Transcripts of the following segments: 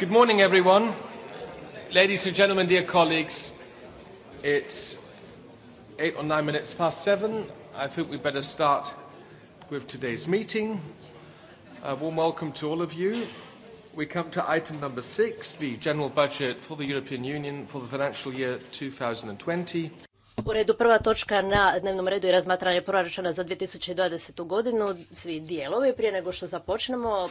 Good morning, everyone. Ladies and gentlemen, dear colleagues, it's eight or nine minutes past seven. I think we better start with today's meeting. A warm welcome to all of you. We come to item number six, the general budget for the European Union for the financial year 2020. U redu prva točka na dnevnom redu je razmatranje proračuna za 2020. godinu, svi dijelovi. Prije nego što započnemo,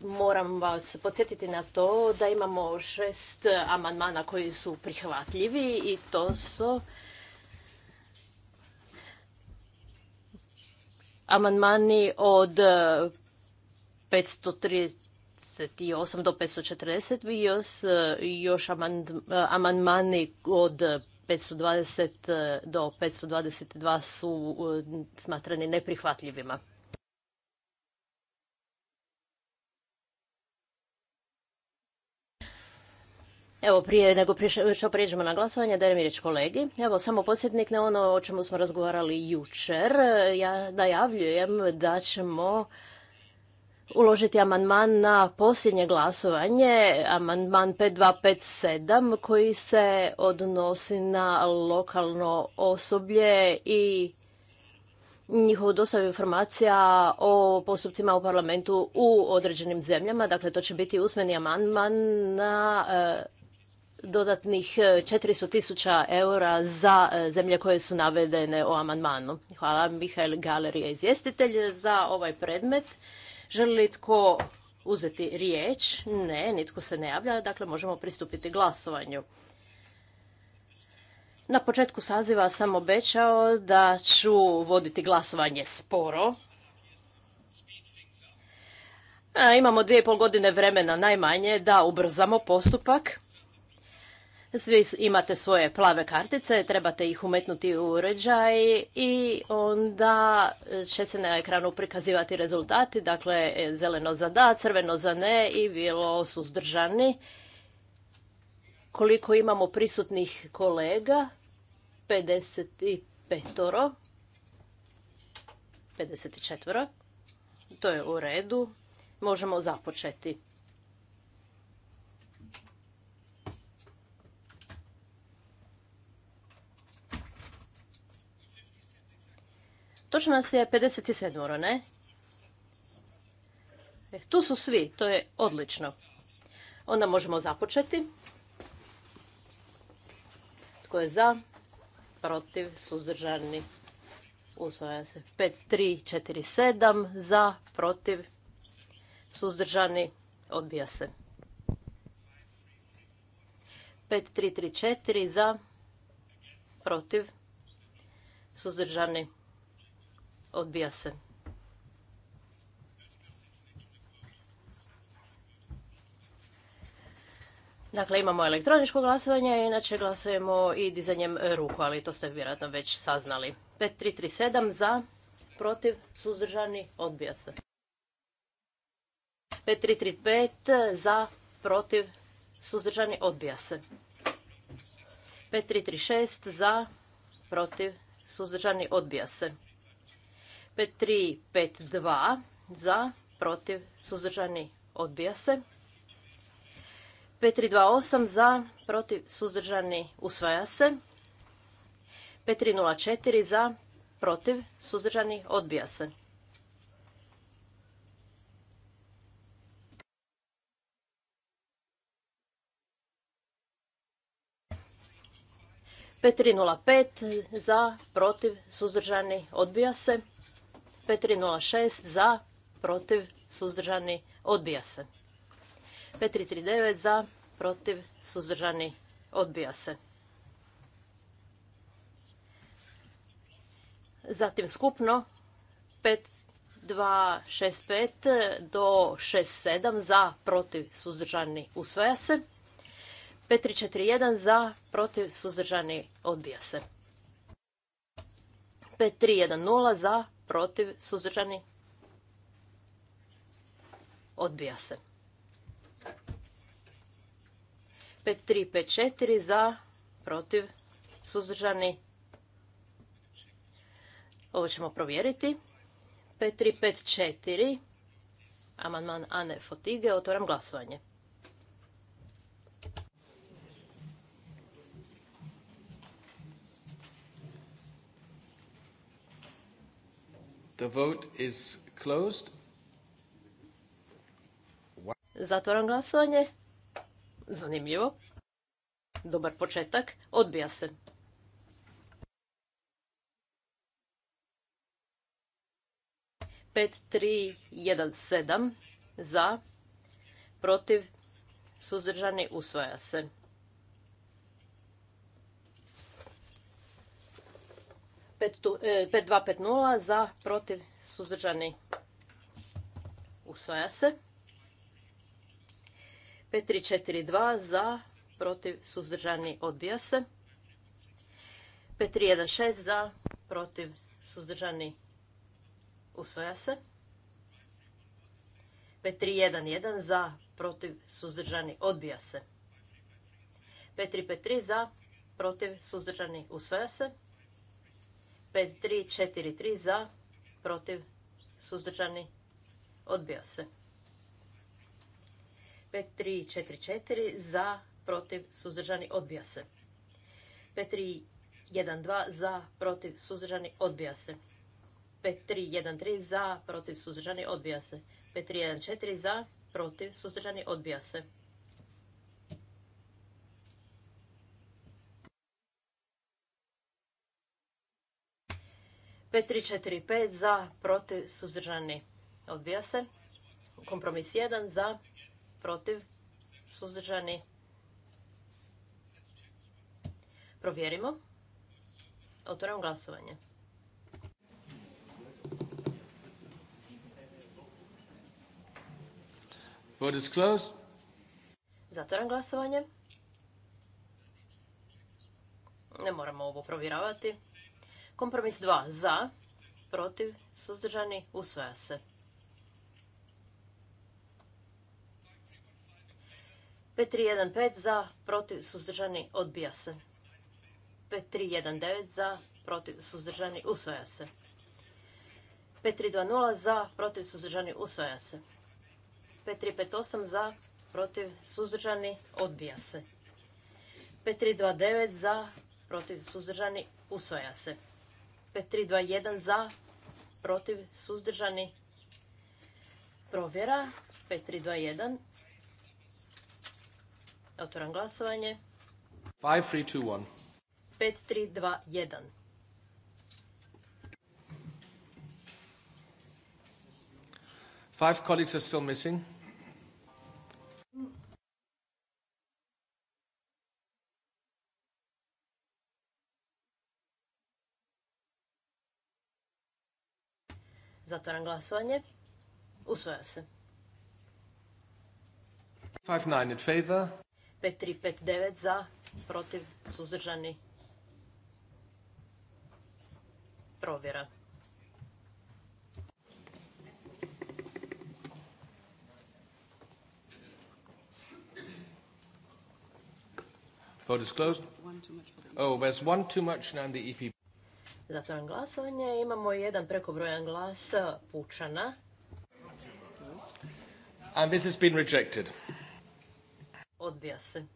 moram vas podsjetiti na to da imamo šest amandmana koji su prihvatljivi i to su amandmani od 538 do 540 i još amandmani od 520 do 522 su e, smatrani neprihvatljivima. Evo, prije nego što prijeđemo na glasovanje, dajem riječ kolegi. Evo, samo podsjetnik na ono o čemu smo razgovarali jučer. Ja najavljujem da ćemo uložiti amandman na posljednje glasovanje, amandman 5257, koji se odnosi na lokalno osoblje i njihovu dostavu informacija o postupcima u parlamentu u određenim zemljama. Dakle, to će biti usmeni amandman na e, dodatnih 400 e, tisuća eura za e, zemlje koje su navedene o amandmanu. Hvala. Mihael Galer je izvjestitelj za ovaj predmet. Želi li tko uzeti riječ? Ne, nitko se ne javlja, dakle možemo pristupiti glasovanju. Na početku saziva sam obećao da ću voditi glasovanje sporo. E, imamo dvije i pol godine vremena najmanje da ubrzamo postupak. Svi imate svoje plave kartice, trebate ih umetnuti u uređaj i onda će se na ekranu prikazivati rezultati, dakle zeleno za da, crveno za ne i bilo suzdržani. Koliko imamo prisutnih kolega? 55. 54. To je u redu. Možemo započeti. Točno nas je 57 ura, ne? E, tu su svi, to je odlično. Onda možemo započeti. Tko je za? Protiv, suzdržani. Usvaja se. 5, 3, 4, 7. Za, protiv, suzdržani. Odbija se. 5, 3, 3, 4, za, protiv, suzdržani, odbija se. Odbija se. Dakle, imamo elektroničko glasovanje, inače glasujemo i dizanjem ruku, ali to ste vjerojatno već saznali. 5337 za, protiv, suzdržani, odbija se. 5335 za, protiv, suzdržani, odbija se. 5336 za, protiv, suzdržani, odbija se. 5352 za, protiv, suzdržani, odbija se. 5328 za, protiv, suzdržani, usvaja se. 5304 za, protiv, suzdržani, odbija se. p za, protiv, suzdržani, odbija se. 5306 za, protiv, suzdržani, odbija se. 5339 za, protiv, suzdržani, odbija se. Zatim skupno 5265 do 67 za, protiv, suzdržani, usvaja se. 5341 za, protiv, suzdržani, odbija se. 5310 za, protiv, suzdržani, odbija se. 5354 za, protiv, suzdržani. Ovo ćemo provjeriti. 5354, amandman Ane Fotige, otvoram glasovanje. The Zatvoram glasovanje. Zanimljivo. Dobar početak. Odbija se. Pet, tri, jedan, sedam. Za. Protiv. Suzdržani usvaja se. 5250 e, za protiv suzdržani usvaja se. 5342 za protiv suzdržani odbija se. 5316 za protiv suzdržani usvaja se. 5311 za protiv suzdržani odbija se. 5353 za protiv suzdržani usvaja se. 5 3 4 3 za protiv suzdržani odbija se. 5 3 4 4 za protiv suzdržani odbija se. 5 3 1 2 za protiv suzdržani odbija se. 5 3 1 3 za protiv suzdržani odbija se. 5 3 1 4 za protiv suzdržani odbija se. 5 za, protiv, suzdržani, odbija se. Kompromis 1 za, protiv, suzdržani. Provjerimo. Otvorimo glasovanje. Vote is closed. Zatvoram glasovanje. Ne moramo ovo provjeravati. Kompromis 2 za, protiv, suzdržani, usvoja se. 5315 za, protiv, suzdržani, odbija se. 5319 za, protiv, suzdržani, usvoja se. P320. za, protiv, suzdržani, usvoja se. 5358 za, protiv, suzdržani, odbija se. P329. za, protiv, suzdržani, usvoja se. 5321 za, protiv, suzdržani. Provjera 5321. Otvoram glasovanje. 5321. 5321. Five colleagues are still missing. na glasovanje. Usvoja se. in 5.3.5.9 za, protiv, suzdržani. Provjera. Vote is closed. Oh, there's one too much now the EPP. Zatvoram glasovanje. Imamo jedan prekobrojan glas e, pučana. And this has been rejected. Odbija se.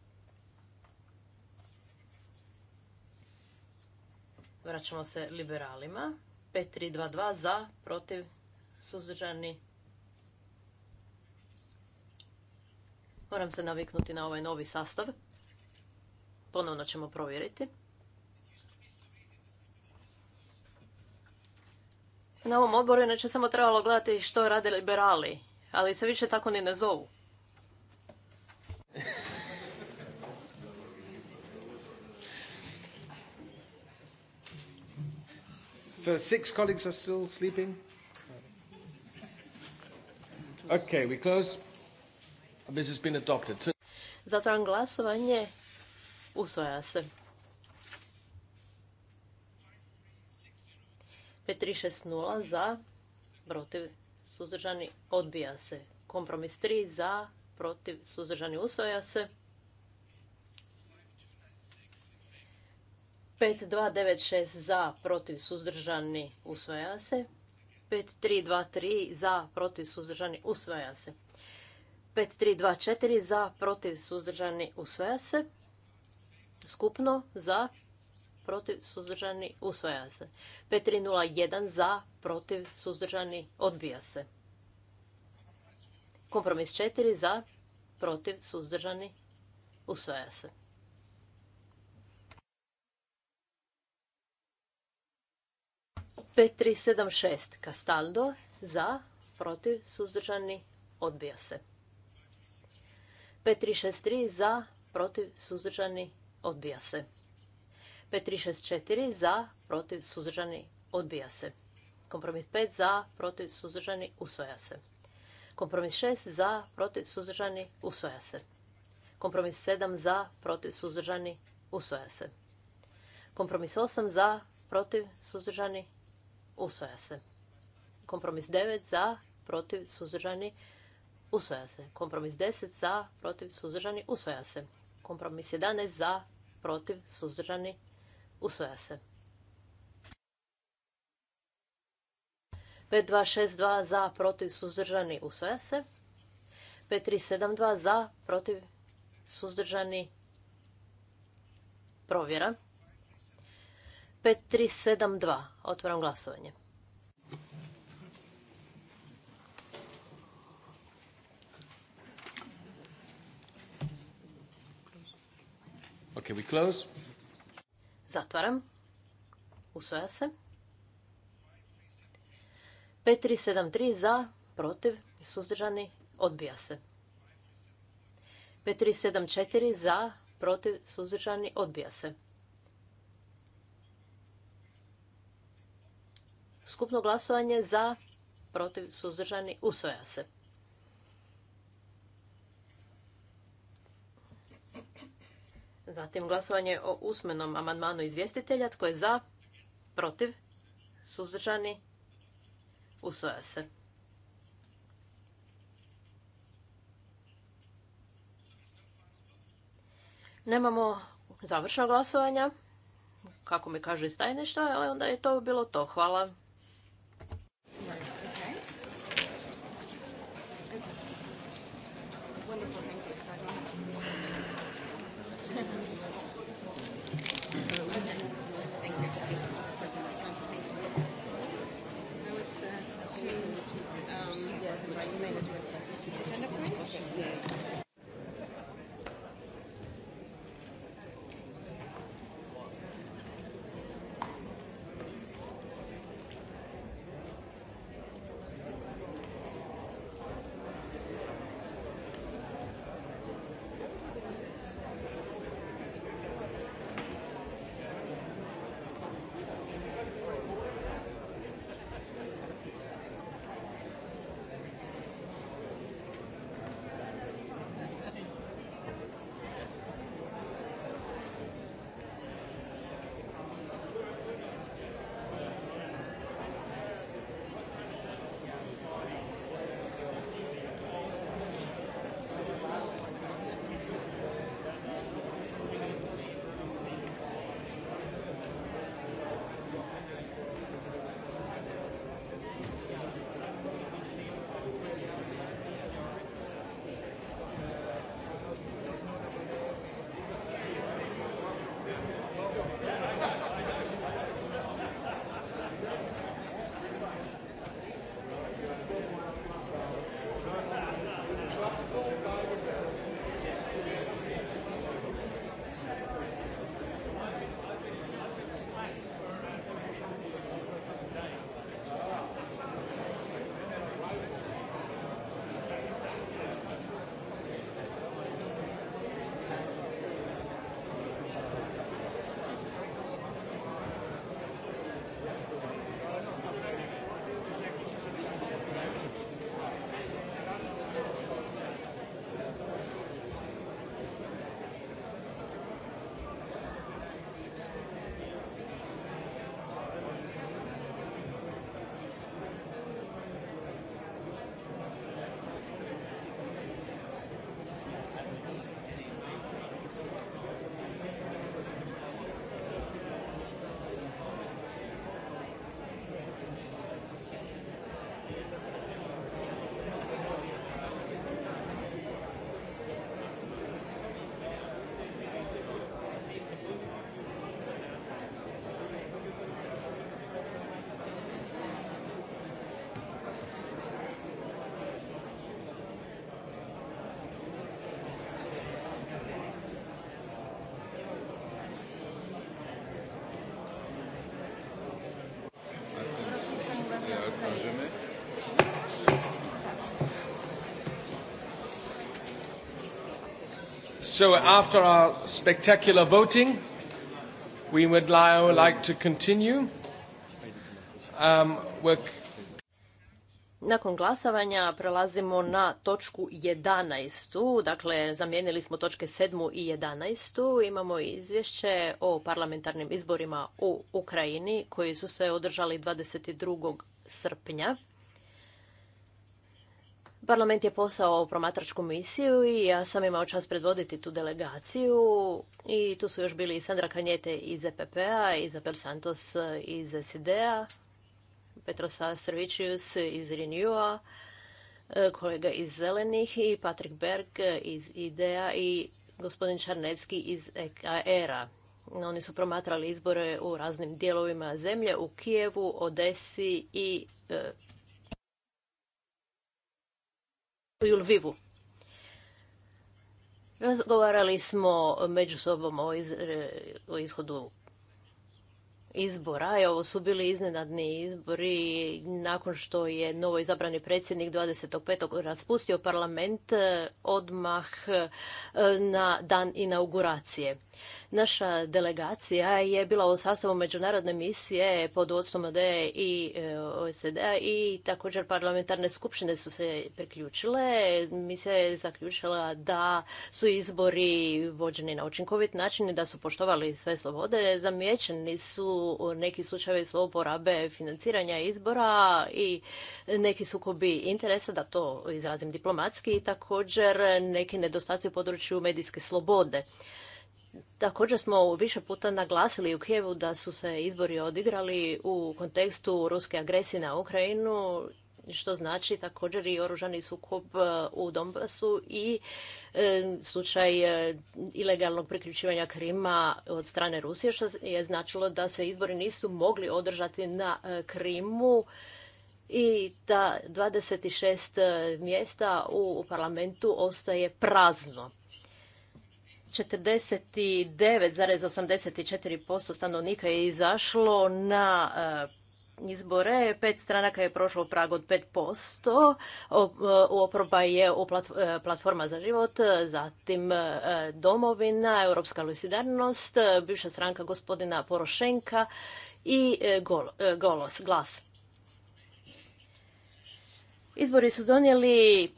Vraćamo se liberalima. 5-3-2-2 za, protiv, suzdržani. Moram se naviknuti na ovaj novi sastav. Ponovno ćemo provjeriti. Na ovom odboru neće samo trebalo gledati što rade liberali, ali se više tako ni ne zovu. So six colleagues are still sleeping. Okay, we close. This has been adopted. Zatvaram glasovanje. Usvaja se. 5360 za, protiv, suzdržani, odbija se. Kompromis 3 za, protiv, suzdržani, usvaja se. 5296 za, protiv, suzdržani, usvaja se. 5323 za, protiv, suzdržani, usvaja se. 5324 za, protiv, suzdržani, usvaja se. Skupno za, protiv, suzdržani, usvaja se. 5301 za, protiv, suzdržani, odbija se. Kompromis 4 za, protiv, suzdržani, usvaja se. P376 za, protiv, suzdržani, odbija se. p za, protiv, suzdržani, odbija se. 5364 za, protiv, suzdržani, odbija se. Kompromis 5 za, protiv, suzdržani, usvoja se. Kompromis 6 za, protiv, suzdržani, usvoja se. Kompromis 7 za, protiv, suzdržani, usvoja se. Kompromis 8 za, protiv, suzdržani, usvoja se. Kompromis 9 za, protiv, suzdržani, usvoja se. Kompromis 10 za, protiv, suzdržani, usvoja se. Kompromis 11 za, protiv, suzdržani, Usvoja se. 5262 za, protiv, suzdržani, usvoja se. 5372 za, protiv, suzdržani, provjera. 5372, otvoram glasovanje. Okay, we close. Zatvaram. Usvaja se. 5373 za, protiv, suzdržani, odbija se. 5374 za, protiv, suzdržani, odbija se. Skupno glasovanje za, protiv, suzdržani, usvaja se. Zatim glasovanje o usmenom amandmanu izvjestitelja. Tko je za? Protiv? Suzdržani? Usvaja se. Nemamo završno glasovanja, kako mi kažu iz tajništva, ali onda je to bilo to. Hvala. So after our spectacular voting, we would like to continue. Um, work. Nakon glasavanja prelazimo na točku 11. Dakle, zamijenili smo točke 7. i 11. Imamo izvješće o parlamentarnim izborima u Ukrajini koji su se održali 22. srpnja. Parlament je posao promatračku misiju i ja sam imao čas predvoditi tu delegaciju i tu su još bili i Sandra Kanjete iz EPP-a, Izabel Santos iz SID-a, Petrosa Servicius iz Renewa, e, kolega iz Zelenih i Patrik Berg iz IDEA i gospodin Čarnecki iz EKR-a. E Oni su promatrali izbore u raznim dijelovima zemlje, u Kijevu, Odesi i e, u Razgovarali smo među sobom o, iz, e, ishodu izbora. ovo su bili iznenadni izbori nakon što je novo izabrani predsjednik 25. raspustio parlament e, odmah e, na dan inauguracije. Naša delegacija je bila u sastavu međunarodne misije pod vodstvom OD i e, OECD-a i također parlamentarne skupštine su se priključile. Misija je zaključila da su izbori vođeni na učinkovit način i da su poštovali sve slobode. Zamijećeni su neki slučajevi zlouporabe financiranja izbora i neki sukobi interesa, da to izrazim diplomatski, i također neki nedostaci u području medijske slobode. Također smo više puta naglasili u Kijevu da su se izbori odigrali u kontekstu ruske agresije na Ukrajinu, što znači također i oružani sukob e, u Donbasu i e, slučaj e, ilegalnog priključivanja Krima od strane Rusije, što je značilo da se izbori nisu mogli održati na Krimu i da 26 mjesta u parlamentu ostaje prazno. 49,84% stanovnika je izašlo na e, izbore. Pet stranaka je prošlo prag od 5%. E, oproba je e, platforma za život, zatim domovina, europska lucidarnost, bivša stranka gospodina Porošenka i golos, glas. Izbori su donijeli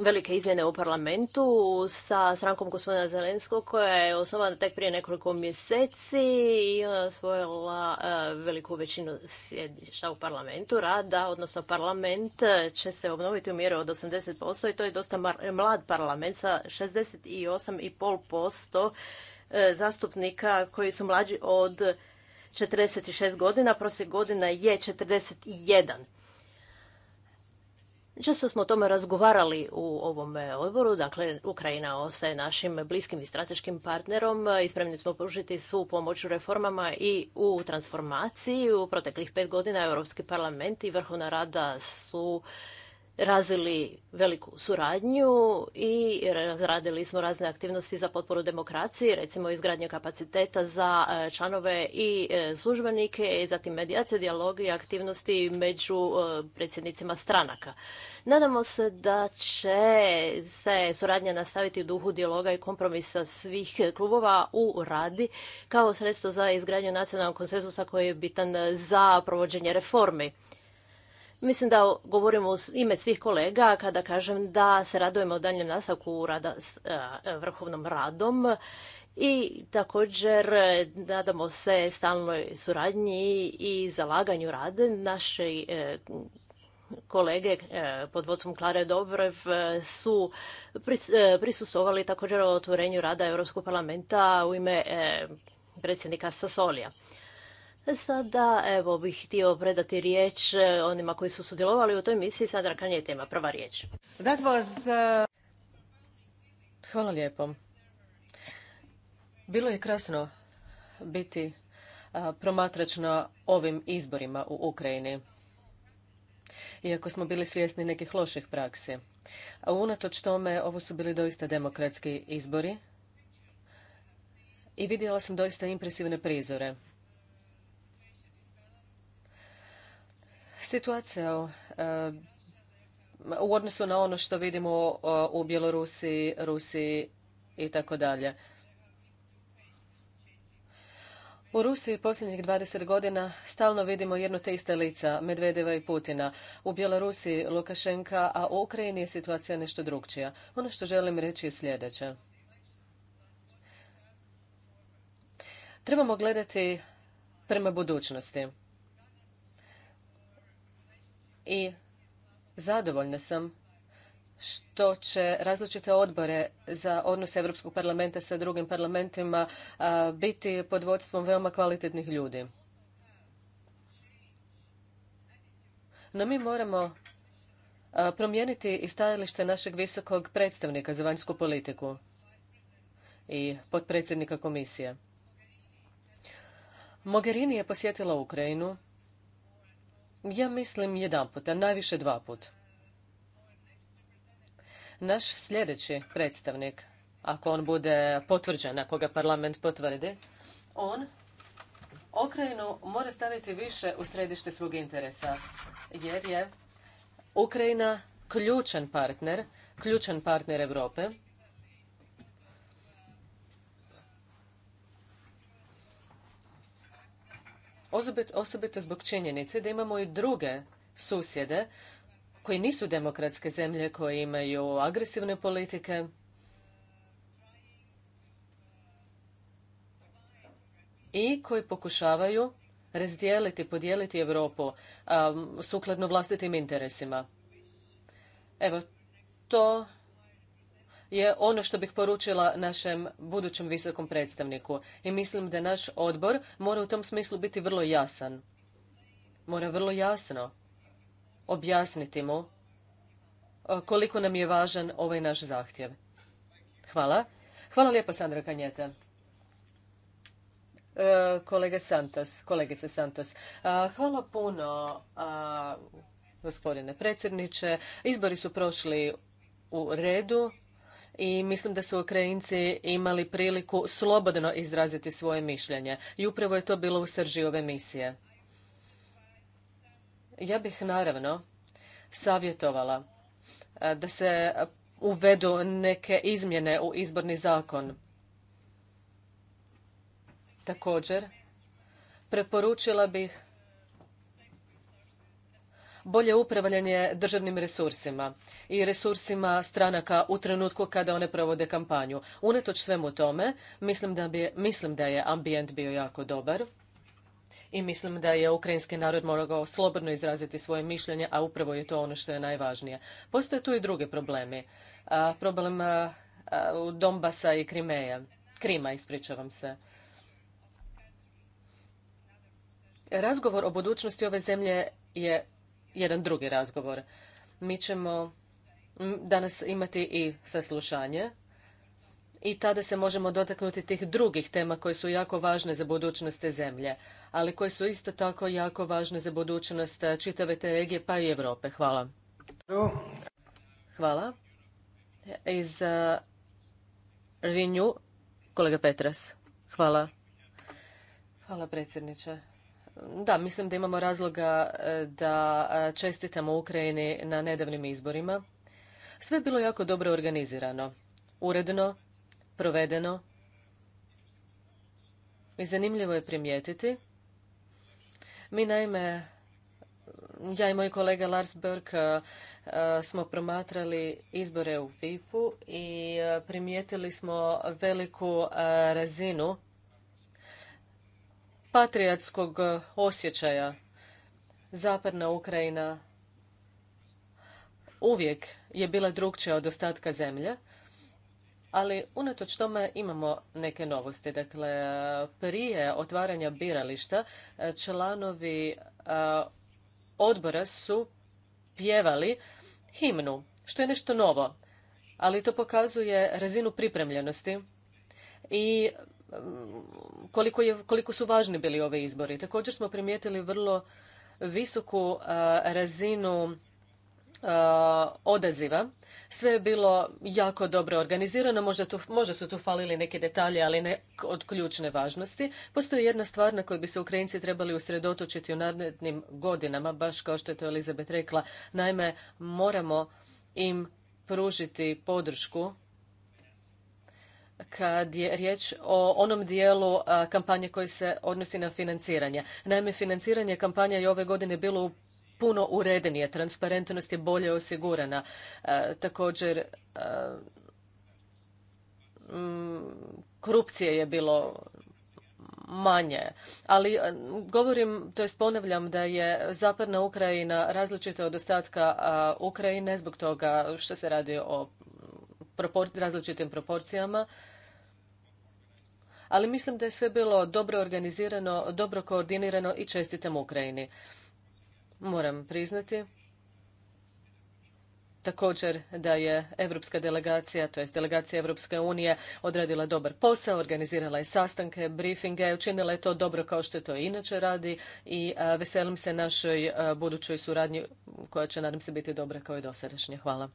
velike izmjene u parlamentu sa strankom gospodina Zelenskog koja je osnovana tek prije nekoliko mjeseci i osvojila e, veliku većinu sjedišta u parlamentu rada, odnosno parlament e, će se obnoviti u mjeru od 80% i to je dosta mlad parlament sa 68,5% e, zastupnika koji su mlađi od 46 godina, prosjek godina je 41. Često smo o tome razgovarali u ovom odboru, dakle Ukrajina ostaje našim bliskim i strateškim partnerom i smo pružiti svu pomoć u reformama i u transformaciji. U proteklih pet godina Europski parlament i vrhovna rada su razili veliku suradnju i razradili smo razne aktivnosti za potporu demokraciji, recimo izgradnju kapaciteta za e, članove i e, službenike, i zatim medijacije, dijalog i aktivnosti među e, predsjednicima stranaka. Nadamo se da će se suradnja nastaviti u duhu dijaloga i kompromisa svih klubova u radi kao sredstvo za izgradnju nacionalnog konsenzusa koji je bitan za provođenje reformi. Mislim da govorimo u ime svih kolega kada kažem da se radujemo o daljem nastavku rada s e, vrhovnom radom i također e, nadamo se stalnoj suradnji i zalaganju rade naše e, kolege pod vodstvom Klare Dobrev su prisustovali također o otvorenju rada Europskog parlamenta u ime predsjednika Sasolija. Sada evo bih htio predati riječ e, onima koji su sudjelovali u toj misiji. Sandra nije tema, prva riječ. E, Hvala lijepo. Bilo je krasno biti e, promatrač na ovim izborima u Ukrajini. Iako smo bili svjesni nekih loših praksi. A unatoč tome, ovo su bili doista demokratski izbori i vidjela sam doista impresivne prizore. situacija eh, u odnosu na ono što vidimo eh, u Bjelorusiji, Rusiji i tako dalje. U Rusiji posljednjih 20 godina stalno vidimo jedno te iste lica, Medvedeva i Putina. U Bjelorusiji Lukašenka, a u Ukrajini je situacija nešto drugčija. Ono što želim reći je sljedeće. Trebamo gledati prema budućnosti i zadovoljna sam što će različite odbore za odnose Europskog parlamenta sa drugim parlamentima biti pod vodstvom veoma kvalitetnih ljudi. No mi moramo promijeniti i stajalište našeg visokog predstavnika za vanjsku politiku i potpredsjednika komisije. Mogherini je posjetila Ukrajinu ja mislim jedan put, a najviše dva put. Naš sljedeći predstavnik, ako on bude potvrđen, ako ga parlament potvrdi, on Ukrajinu mora staviti više u središte svog interesa, jer je Ukrajina ključan partner, ključan partner Europe osobito zbog činjenice da imamo i druge susjede koji nisu demokratske zemlje, koje imaju agresivne politike, i koji pokušavaju razdijeliti, podijeliti Europu sukladno vlastitim interesima. Evo, to je ono što bih poručila našem budućem visokom predstavniku. I mislim da naš odbor mora u tom smislu biti vrlo jasan. Mora vrlo jasno objasniti mu e, koliko nam je važan ovaj naš zahtjev. Hvala. Hvala lijepo, Sandra Kanjeta. E, kolega Santos, kolegice Santos. E, hvala puno, gospodine predsjedniče. Izbori su prošli u redu i mislim da su Ukrajinci imali priliku slobodno izraziti svoje mišljenje i upravo je to bilo u srži ove misije. Ja bih naravno savjetovala e, da se uvedu neke izmjene u izborni zakon. Također, preporučila bih bolje upravljanje državnim resursima i resursima stranaka u trenutku kada one provode kampanju. Unatoč svemu tome, mislim da, mislim da je ambijent bio jako dobar i mislim da je ukrajinski narod morao slobodno izraziti svoje mišljenje, a upravo je to ono što je najvažnije. Postoje tu i drugi problemi. problem u i Krimeja. Krima, ispričavam se. Razgovor o budućnosti ove zemlje je jedan drugi razgovor. Mi ćemo danas imati i saslušanje i tada se možemo dotaknuti tih drugih tema koje su jako važne za budućnost te zemlje, ali koje su isto tako jako važne za budućnost eh, čitave te regije pa i Europe. Hvala. Hvala. Iz eh, Rinju, kolega Petras. Hvala. Hvala predsjedniče. Da, mislim da imamo razloga e, da e, čestitamo Ukrajini na nedavnim izborima. Sve je bilo jako dobro organizirano, uredno, provedeno i zanimljivo je primijetiti. Mi naime, ja i moj kolega Lars Berg e, smo promatrali izbore u FIFU i primijetili smo veliku razinu patriotskog e, osjećaja. Zapadna Ukrajina uvijek je bila drugčija od ostatka zemlje, ali unatoč tome imamo neke novosti. Dakle, prije otvaranja birališta e, članovi e, odbora su pjevali himnu, što je nešto novo, ali to pokazuje razinu pripremljenosti i koliko, su važni bili ovi izbori. Također smo primijetili vrlo visoku e, razinu e, odaziva. Sve je bilo jako dobro organizirano, možda, možda su tu falili neki detalji, ali ne od ključne važnosti. Postoji jedna stvar na kojoj bi se Ukrajinci trebali usredotočiti u narednim godinama, baš kao što je to Elizabeth rekla. Naime, moramo im pružiti podršku kad je riječ o onom dijelu kampanje koji se odnosi na financiranje. Naime, financiranje kampanja je ove godine bilo puno uredenije, transparentnost je bolje osigurana. također, mm, korupcije je bilo manje. Ali govorim, to ponavljam da je zapadna Ukrajina različita od ostatka Ukrajine zbog toga što se radi o različitim proporcijama, ali mislim da je sve bilo dobro organizirano, dobro koordinirano i čestitam Ukrajini. Moram priznati također da je europska delegacija, to jest delegacija Europske unije odradila dobar posao, organizirala je sastanke, briefinge, učinila je to dobro kao što to inače radi i veselim se našoj budućoj suradnji koja će nadam se biti dobra kao i dosadašnje. Hvala.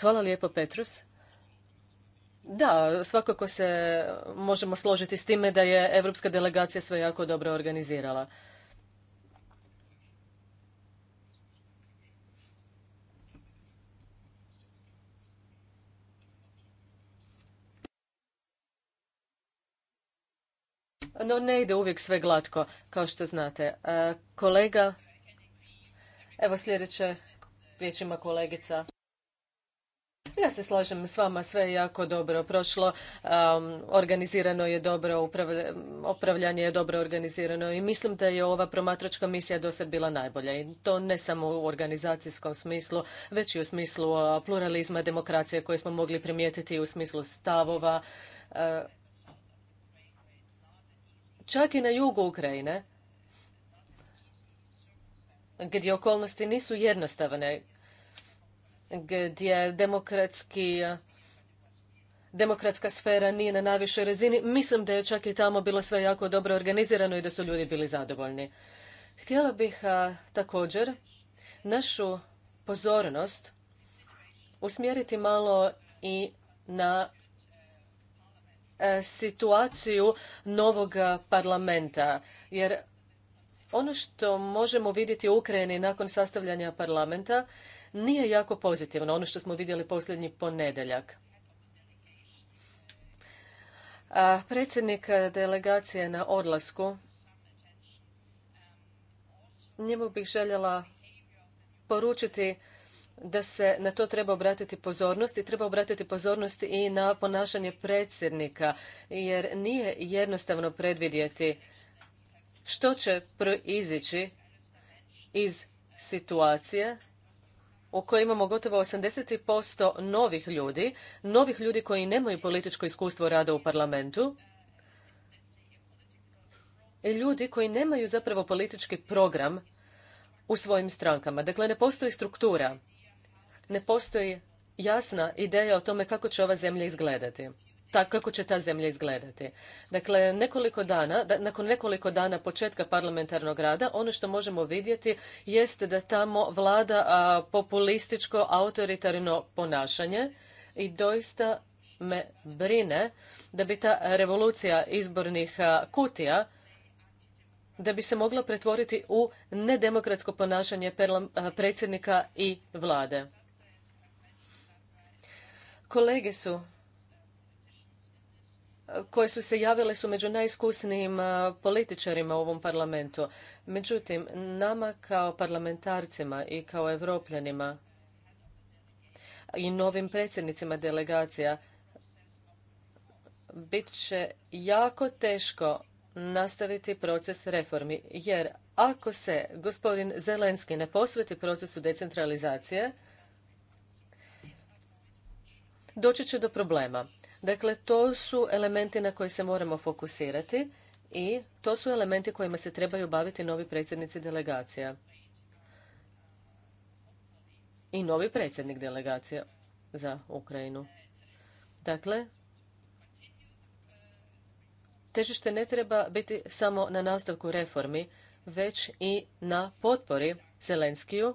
Hvala lijepo, Petrus. Da, svakako se možemo složiti s time da je europska delegacija sve jako dobro organizirala. No, ne ide uvijek sve glatko, kao što znate. E, kolega, evo sljedeće ima kolegica. Ja se slažem s vama, sve je jako dobro prošlo, organizirano je dobro, opravljanje je dobro organizirano i mislim da je ova promatračka misija do sad bila najbolja i to ne samo u organizacijskom smislu, već i u smislu pluralizma, demokracije koje smo mogli primijetiti u smislu stavova. čak i na jugu Ukrajine, gdje okolnosti nisu jednostavne, gdje demokratski demokratska sfera nije na najvišoj razini. Mislim da je čak i tamo bilo sve jako dobro organizirano i da su ljudi bili zadovoljni. Htjela bih također našu pozornost usmjeriti malo i na e, situaciju novog parlamenta. Jer ono što možemo vidjeti u Ukrajini nakon sastavljanja parlamenta nije jako pozitivno, ono što smo vidjeli posljednji ponedjeljak. predsjednik delegacije na odlasku, njemu bih željela poručiti da se na to treba obratiti pozornost i treba obratiti pozornost i na ponašanje predsjednika, jer nije jednostavno predvidjeti što će proizići iz situacije u kojoj imamo gotovo 80% novih ljudi, novih ljudi koji nemaju političko iskustvo rada u parlamentu, i ljudi koji nemaju zapravo politički program u svojim strankama. Dakle, ne postoji struktura, ne postoji jasna ideja o tome kako će ova zemlja izgledati kako će ta zemlja izgledati. Dakle, nekoliko dana, nakon nekoliko dana početka parlamentarnog rada, ono što možemo vidjeti jeste da tamo vlada populističko autoritarno ponašanje i doista me brine da bi ta revolucija izbornih a, kutija da bi se mogla pretvoriti u nedemokratsko ponašanje predsjednika i vlade. Kolege su koje su se javile su među najiskusnijim političarima u ovom parlamentu. Međutim, nama kao parlamentarcima i kao evropljanima i novim predsjednicima delegacija bit će jako teško nastaviti proces reformi, jer ako se gospodin Zelenski ne posveti procesu decentralizacije, doći će do problema. Dakle, to su elementi na koji se moramo fokusirati i to su elementi kojima se trebaju baviti novi predsjednici delegacija. I novi predsjednik delegacija za Ukrajinu. Dakle, težište ne treba biti samo na nastavku reformi, već i na potpori Zelenskiju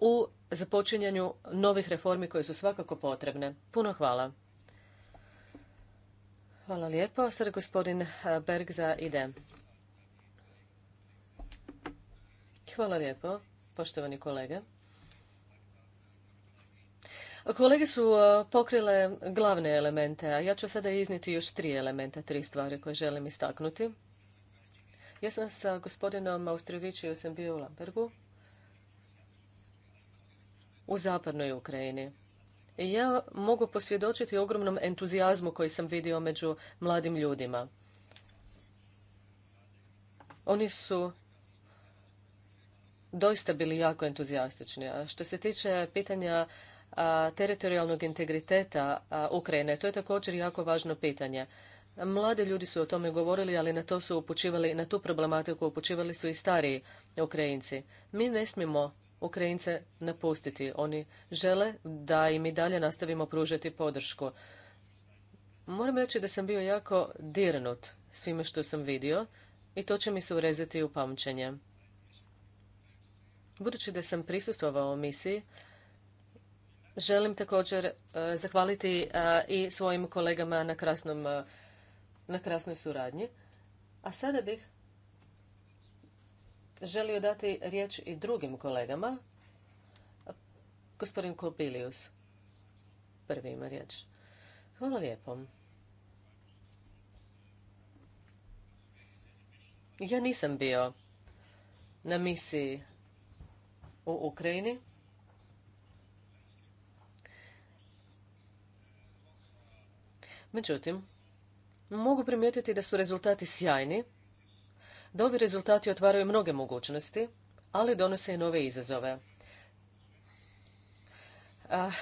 u započinjanju novih reformi koje su svakako potrebne. Puno hvala. Hvala lijepo. Sada gospodin eh, Berg za ide. Hvala lijepo, poštovani kolege. Kolege su eh, pokrile glavne elemente, a ja ću sada izniti još tri elementa, tri stvari koje želim istaknuti. Ja sam sa gospodinom Austrijevićem bio u Lambergu u zapadnoj Ukrajini. Ja mogu posvjedočiti ogromnom entuzijazmu koji sam vidio među mladim ljudima. Oni su doista bili jako entuzijastični. A što se tiče pitanja teritorijalnog integriteta Ukrajine, to je također jako važno pitanje. Mlade ljudi su o tome govorili, ali na to su upućivali, na tu problematiku upućivali su i stariji Ukrajinci. Mi ne smijemo Ukrajince napustiti. Oni žele da im i dalje nastavimo pružati podršku. Moram reći da sam bio jako dirnut svime što sam vidio i to će mi se urezati u pamćenje. Budući da sam prisustvovao misiji, želim također e, zahvaliti e, i svojim kolegama na krasnom e, na krasnoj suradnji. A sada bih želio dati riječ i drugim kolegama. Gospodin Kobilius prvi ima riječ. Hvala lijepo. Ja nisam bio na misiji u Ukrajini. Međutim, mogu primijetiti da su rezultati sjajni Dovi rezultati otvaraju mnoge mogućnosti, ali donose i nove izazove.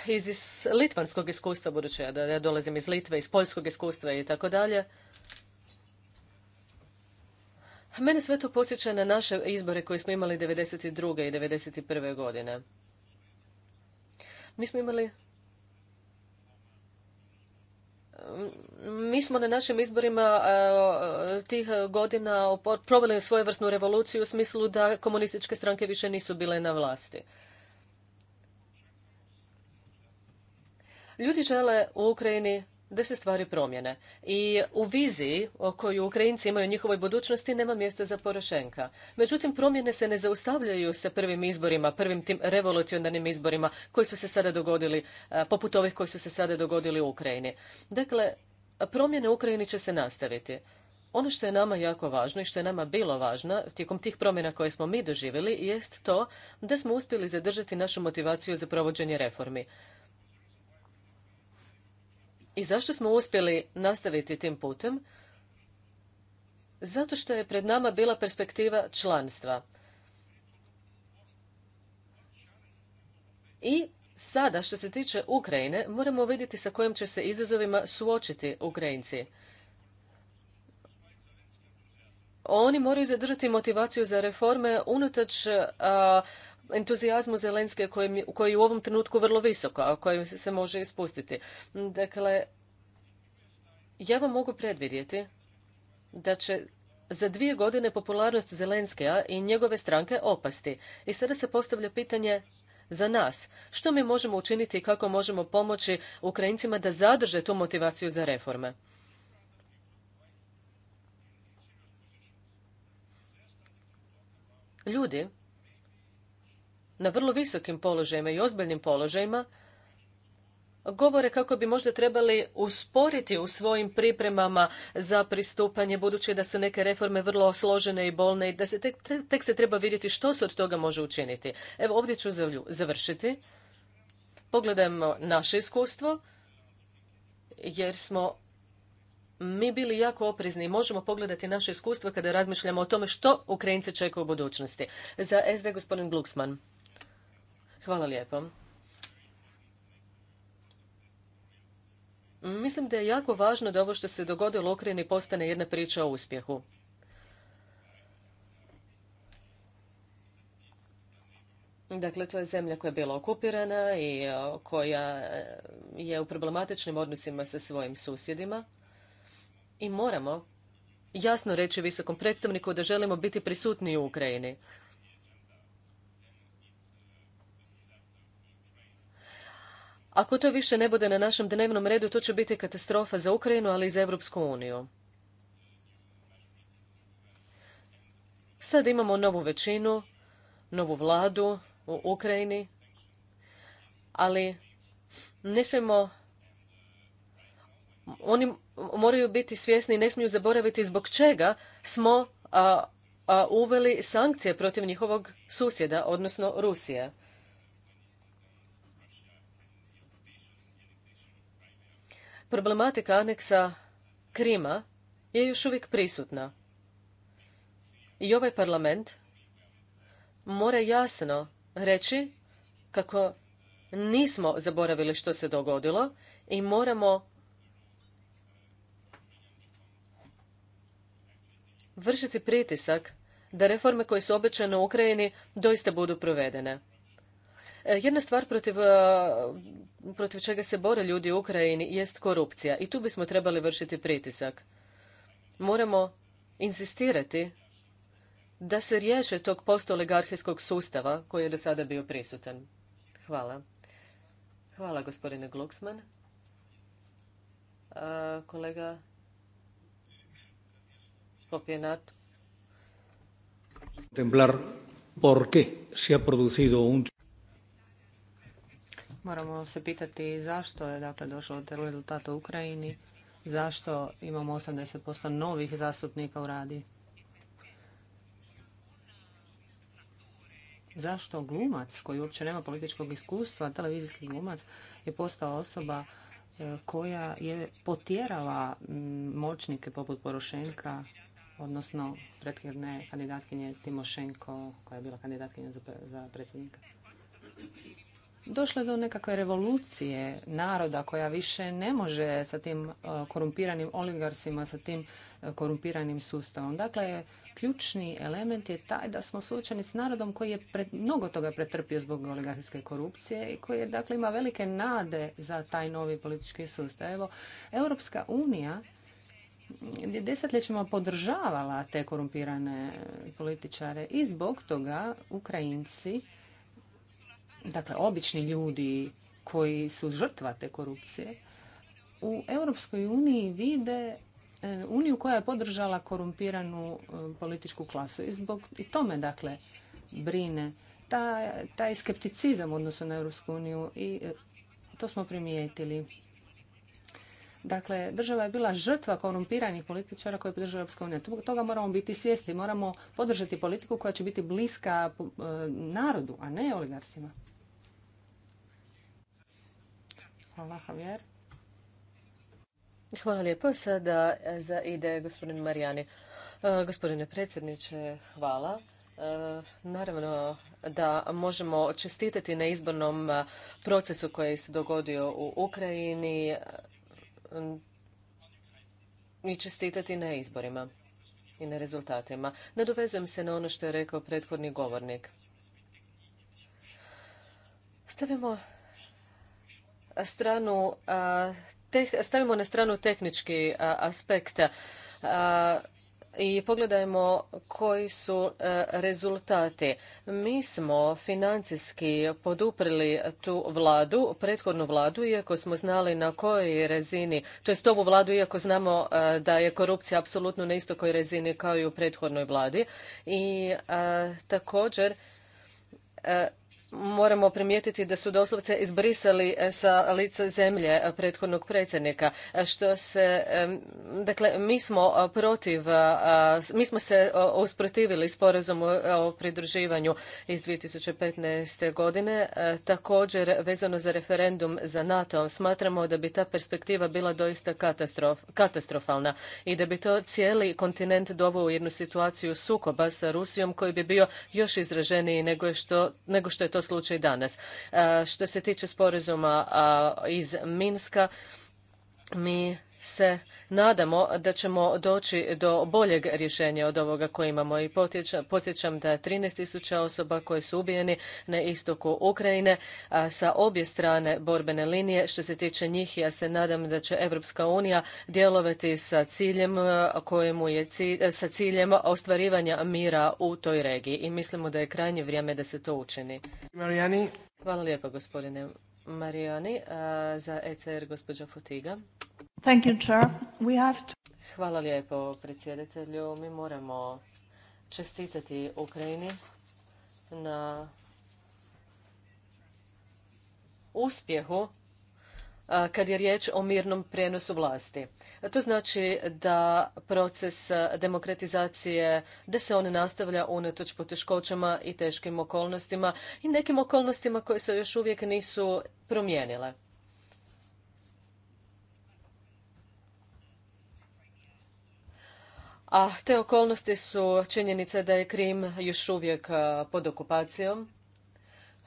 Iz litvanskog iskustva, budući da ja dolazim iz Litve, iz poljskog iskustva i tako dalje, Mene sve to posjeća na naše izbore koje smo imali 1992. i 1991. godine. Mi smo imali mi smo na našim izborima e, tih godina proveli svojevrsnu revoluciju u smislu da komunističke stranke više nisu bile na vlasti. Ljudi žele u Ukrajini da se stvari promjene. I u viziji koju Ukrajinci imaju u njihovoj budućnosti nema mjesta za Porošenka. Međutim, promjene se ne zaustavljaju sa prvim izborima, prvim tim revolucionarnim izborima koji su se sada dogodili, poput ovih koji su se sada dogodili u Ukrajini. Dakle, promjene u Ukrajini će se nastaviti. Ono što je nama jako važno i što je nama bilo važno tijekom tih promjena koje smo mi doživjeli jest to da smo uspjeli zadržati našu motivaciju za provođenje reformi. I zašto smo uspjeli nastaviti tim putem? Zato što je pred nama bila perspektiva članstva. I sada, što se tiče Ukrajine, moramo vidjeti sa kojim će se izazovima suočiti Ukrajinci. Oni moraju zadržati motivaciju za reforme unatoč entuzijazmu Zelenske koji, je u ovom trenutku vrlo visoko, a koji se može ispustiti. Dakle, ja vam mogu predvidjeti da će za dvije godine popularnost Zelenskija i njegove stranke opasti. I sada se postavlja pitanje za nas. Što mi možemo učiniti i kako možemo pomoći Ukrajincima da zadrže tu motivaciju za reforme? Ljudi na vrlo visokim položajima i ozbiljnim položajima govore kako bi možda trebali usporiti u svojim pripremama za pristupanje budući da su neke reforme vrlo složene i bolne i da se tek, se treba vidjeti što se od toga može učiniti. Evo ovdje ću završiti. Pogledajmo naše iskustvo jer smo mi bili jako oprezni i možemo pogledati naše iskustvo kada razmišljamo o tome što Ukrajinci čeka u budućnosti. Za SD gospodin Glucksmann. Hvala lijepo. Mislim da je jako važno da ovo što se dogodilo u Ukrajini postane jedna priča o uspjehu. Dakle, to je zemlja koja je bila okupirana i e, koja e, je u problematičnim odnosima sa svojim susjedima. I moramo jasno reći visokom predstavniku da želimo biti prisutni u Ukrajini. Ako to više ne bude na našem dnevnom redu, to će biti katastrofa za Ukrajinu, ali i za Europsku uniju. Sad imamo novu većinu, novu vladu u Ukrajini, ali ne smijemo oni moraju biti svjesni i ne smiju zaboraviti zbog čega smo uveli sankcije protiv njihovog susjeda, odnosno Rusije. problematika aneksa Krima je još uvijek prisutna. I ovaj parlament mora jasno reći kako nismo zaboravili što se dogodilo i moramo vršiti pritisak da reforme koje su obećane u Ukrajini doista budu provedene. E, jedna stvar protiv, e, protiv čega se bore ljudi u Ukrajini jest korupcija i tu bismo trebali vršiti pritisak. Moramo insistirati da se riješe tog postolegarhijskog sustava koji je do sada bio prisutan. Hvala. Hvala, gospodine Glucksman. E, kolega Popjenat. ...templar por se ha producido un Moramo se pitati zašto je dakle došlo do rezultata u Ukrajini, zašto imamo 80% novih zastupnika u radi. Zašto glumac koji uopće nema političkog iskustva, televizijski glumac, je postao osoba e, koja je potjerala moćnike poput Porošenka, odnosno prethodne kandidatkinje Timošenko, koja je bila kandidatkinja za predsjednika došlo do nekakve revolucije naroda koja više ne može sa tim e, korumpiranim oligarsima, sa tim e, korumpiranim sustavom. Dakle, ključni element je taj da smo suočeni s narodom koji je pred, mnogo toga pretrpio zbog oligarhijske korupcije i koji dakle, ima velike nade za taj novi politički sustav. Evo, Europska unija je desetljećima podržavala te korumpirane političare i zbog toga Ukrajinci dakle obični ljudi koji su žrtva te korupcije, u Europskoj uniji vide eh, uniju koja je podržala korumpiranu eh, političku klasu i zbog i tome dakle brine taj, skepticizam u odnosu na Europsku uniju i eh, to smo primijetili Dakle, država je bila žrtva korumpiranih političara koji podržaju Europska unija. Toga moramo biti svjesni. Moramo podržati politiku koja će biti bliska eh, narodu, a ne oligarsima. Hvala, Javier. Hvala lijepo. Sada za ide gospodin Marijani. Eh, gospodine predsjedniče, hvala. Eh, naravno da možemo čestitati na izbornom procesu koji se dogodio u Ukrajini i čestitati na izborima i na rezultatima. Nadovezujem se na ono što je rekao prethodni govornik. Stavimo stranu, stavimo na stranu tehnički aspekt i pogledajmo koji su e, rezultati. Mi smo financijski poduprili tu vladu, prethodnu vladu, iako smo znali na kojoj rezini, to je ovu vladu, iako znamo e, da je korupcija apsolutno na istokoj rezini kao i u prethodnoj vladi. I e, također moramo primijetiti da su doslovce izbrisali e, sa lica zemlje e, prethodnog predsjednika. E, što se, dakle, mi smo protiv, mi smo se usprotivili sporazumu o pridruživanju iz 2015. godine. Također, vezano za referendum za NATO, smatramo da bi ta perspektiva bila doista katastrofalna i da bi to cijeli kontinent doveo u jednu situaciju sukoba sa Rusijom koji bi bio još izraženiji nego što, nego što je to slučaj danas. E, što se tiče sporazuma iz Minska, mi se nadamo da ćemo doći do boljeg rješenja od ovoga koje imamo i podsjećam da 13.000 osoba koje su ubijeni na istoku Ukrajine sa obje strane borbene linije. Što se tiče njih, ja se nadam da će Europska unija djelovati sa ciljem kojemu je e, sa ciljem ostvarivanja mira u toj regiji i mislimo da je krajnje vrijeme da se to učini. Hvala lijepa gospodine Marijani, za ECR gospođa Fotiga. Thank you, We have to... Hvala lijepo predsjedatelju. Mi moramo čestitati Ukrajini na uspjehu kad je riječ o mirnom prijenosu vlasti. To znači da proces demokratizacije, da se on nastavlja unatoč poteškoćama i teškim okolnostima i nekim okolnostima koje se još uvijek nisu promijenile. A te okolnosti su činjenice da je Krim još uvijek pod okupacijom,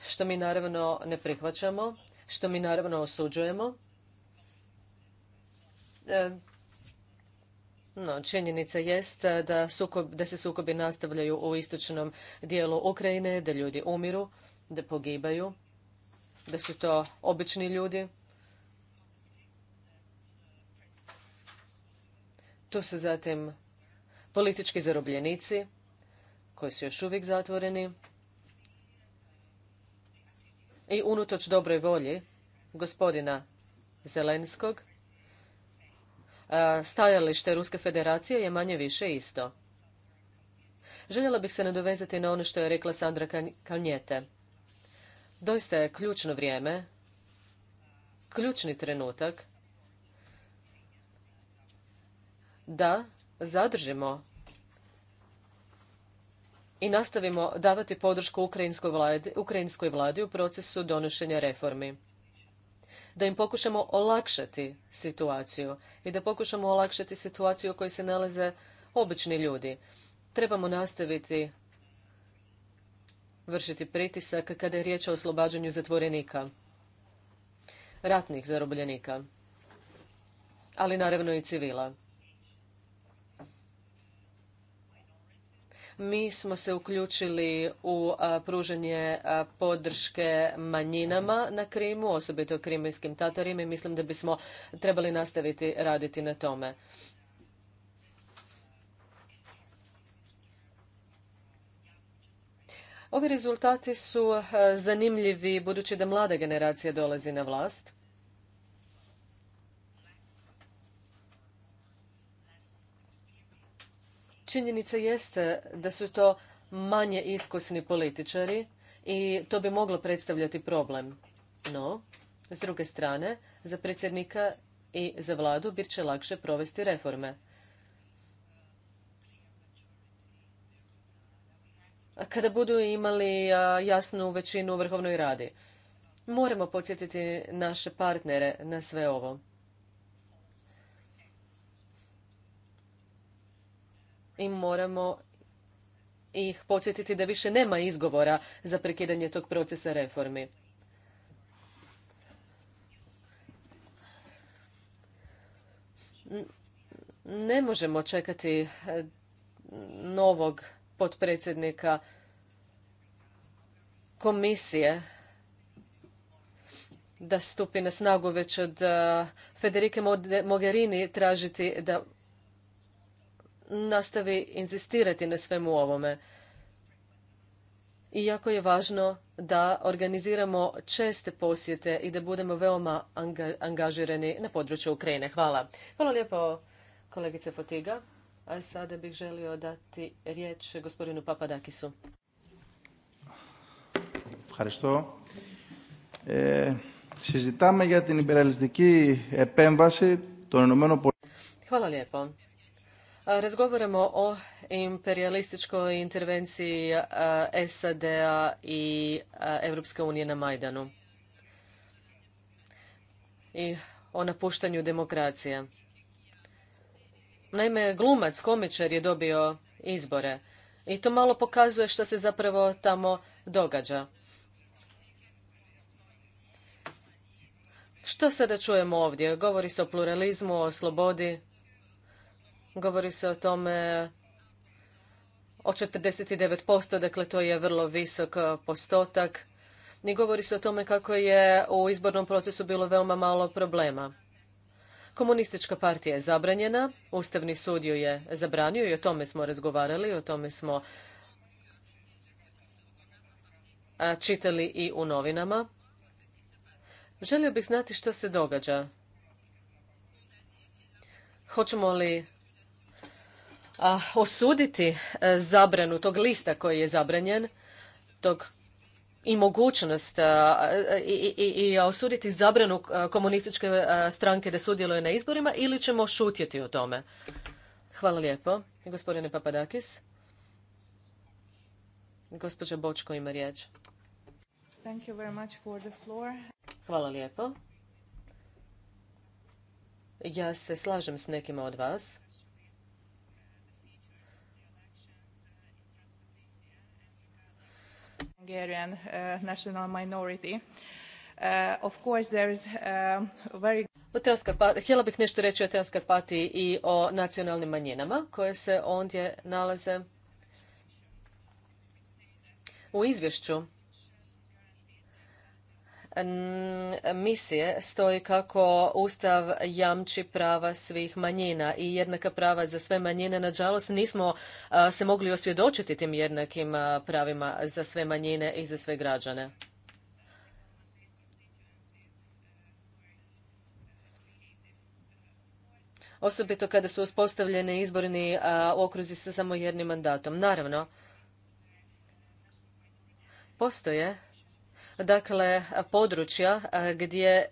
što mi naravno ne prihvaćamo što mi naravno osuđujemo. E, no, činjenica jest da, da se sukobi nastavljaju u istočnom dijelu Ukrajine, da ljudi umiru, da pogibaju, da su to obični ljudi. Tu su zatim politički zarobljenici koji su još uvijek zatvoreni i unatoč dobroj volji gospodina Zelenskog e, stajalište Ruske federacije je manje više isto. Željela bih se nadovezati na ono što je rekla Sandra Kalnjete. Doista je ključno vrijeme, ključni trenutak da zadržimo i nastavimo davati podršku ukrajinskoj vladi, ukrajinskoj vladi u procesu donošenja reformi. Da im pokušamo olakšati situaciju i da pokušamo olakšati situaciju u kojoj se nalaze obični ljudi. Trebamo nastaviti vršiti pritisak kada je riječ o oslobađanju zatvorenika, ratnih zarobljenika, ali naravno i civila. Mi smo se uključili u pružanje podrške manjinama na Krimu, osobito krimijskim tatarima i mislim da bismo trebali nastaviti raditi na tome. Ovi rezultati su zanimljivi budući da mlada generacija dolazi na vlast. Činjenica jeste da su to manje iskusni političari i to bi moglo predstavljati problem. No, s druge strane, za predsjednika i za vladu bit će lakše provesti reforme. Kada budu imali jasnu većinu u Vrhovnoj radi. Moramo podsjetiti naše partnere na sve ovo. i moramo ih podsjetiti da više nema izgovora za prekidanje tog procesa reformi. Ne možemo čekati e, novog potpredsjednika komisije da stupi na snagu već od e, Federike Mogherini tražiti da nastavi inzistirati na svemu ovome. Iako je važno da organiziramo česte posjete i da budemo veoma angažirani na području Ukrajine. Hvala. Hvala lijepo, kolegice Fotiga. A sada bih želio dati riječ gospodinu Papadakisu. Hvala. Hvala lijepo. Razgovaramo o imperialističkoj intervenciji SAD-a i Europske unije na Majdanu i o napuštanju demokracije. Naime, glumac, komičar je dobio izbore i to malo pokazuje što se zapravo tamo događa. Što sada čujemo ovdje? Govori se o pluralizmu, o slobodi, Govori se o tome o 49%, dakle to je vrlo visok e, postotak. I govori se o tome kako je u izbornom procesu bilo veoma malo problema. Komunistička partija je zabranjena, Ustavni sud ju je zabranio i o tome smo razgovarali, o tome smo e, čitali i u novinama. Želio bih znati što se događa. Hoćemo li a, osuditi e, zabranu tog lista koji je zabranjen, tog i mogućnost e, i, i, i osuditi zabranu e, komunističke stranke da sudjeluje na izborima ili ćemo šutjeti o tome? Hvala lijepo. Gospodine Papadakis. Gospođa Bočko ima riječ. Thank you very much for the floor. Hvala lijepo. Ja se slažem s nekima od vas. Hungarian uh, national minority. Uh, of course there is uh, very... O Htjela bih nešto reći o Transkarpatiji i o nacionalnim manjinama koje se ondje nalaze. U izvješću misije stoji kako Ustav jamči prava svih manjina i jednaka prava za sve manjine. Nažalost, nismo se mogli osvjedočiti tim jednakim pravima za sve manjine i za sve građane. Osobito kada su uspostavljeni izborni okruzi sa samo jednim mandatom. Naravno, postoje dakle područja e, gdje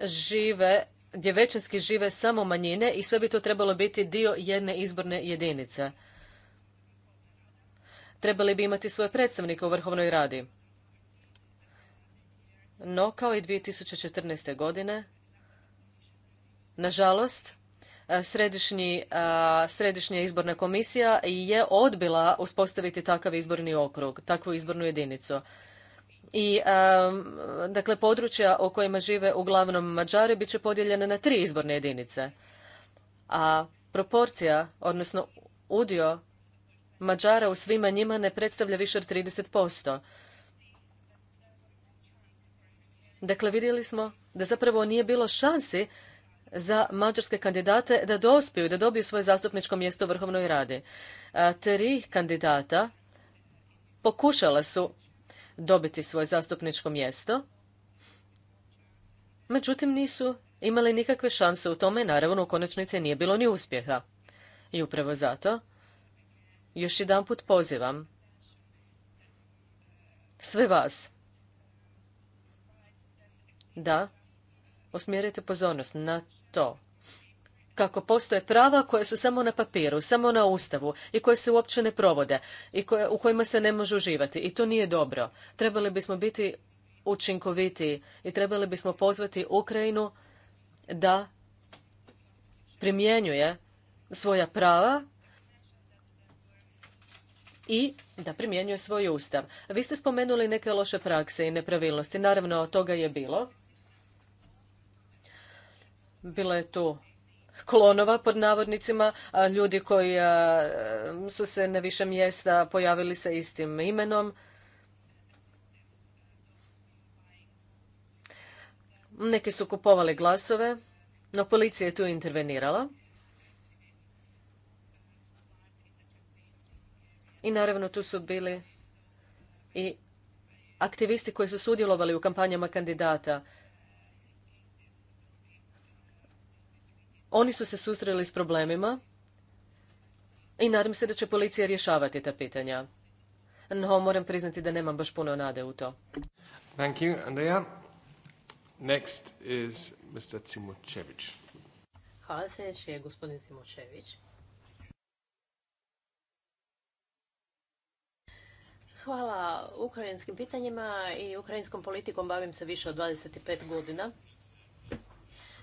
žive gdje većinski žive samo manjine i sve bi to trebalo biti dio jedne izborne jedinice. Trebali bi imati svoje predstavnike u Vrhovnoj radi. No, kao i 2014. godine, nažalost, e, Središnji, e, središnja izborna komisija je odbila uspostaviti takav izborni okrug, takvu izbornu jedinicu i dakle područja o kojima žive uglavnom Mađari bit će podijeljena na tri izborne jedinice. A proporcija, odnosno udio Mađara u svima njima ne predstavlja više od 30%. Dakle, vidjeli smo da zapravo nije bilo šansi za mađarske kandidate da dospiju, da dobiju svoje zastupničko mjesto u Vrhovnoj radi. Tri kandidata pokušala su dobiti svoje zastupničko mjesto. Međutim, nisu imali nikakve šanse u tome naravno u konačnici nije bilo ni uspjeha. I upravo zato još jedan put pozivam sve vas da usmjerite pozornost na to kako postoje prava koja su samo na papiru, samo na ustavu i koje se uopće ne provode i koje, u kojima se ne može uživati. I to nije dobro. Trebali bismo biti učinkovitiji i trebali bismo pozvati Ukrajinu da primjenjuje svoja prava i da primjenjuje svoj ustav. Vi ste spomenuli neke loše prakse i nepravilnosti. Naravno, toga je bilo. Bilo je tu klonova pod navodnicima, ljudi koji su se na više mjesta pojavili sa istim imenom. Neki su kupovali glasove, no policija je tu intervenirala. I naravno tu su bili i aktivisti koji su sudjelovali u kampanjama kandidata. Oni su se susreli s problemima i nadam se da će policija rješavati ta pitanja. No, moram priznati da nemam baš puno nade u to. Thank you, Andrea. Next is Mr. Hvala, še gospodin Cimočević. Hvala ukrajinskim pitanjima i ukrajinskom politikom bavim se više od 25 godina.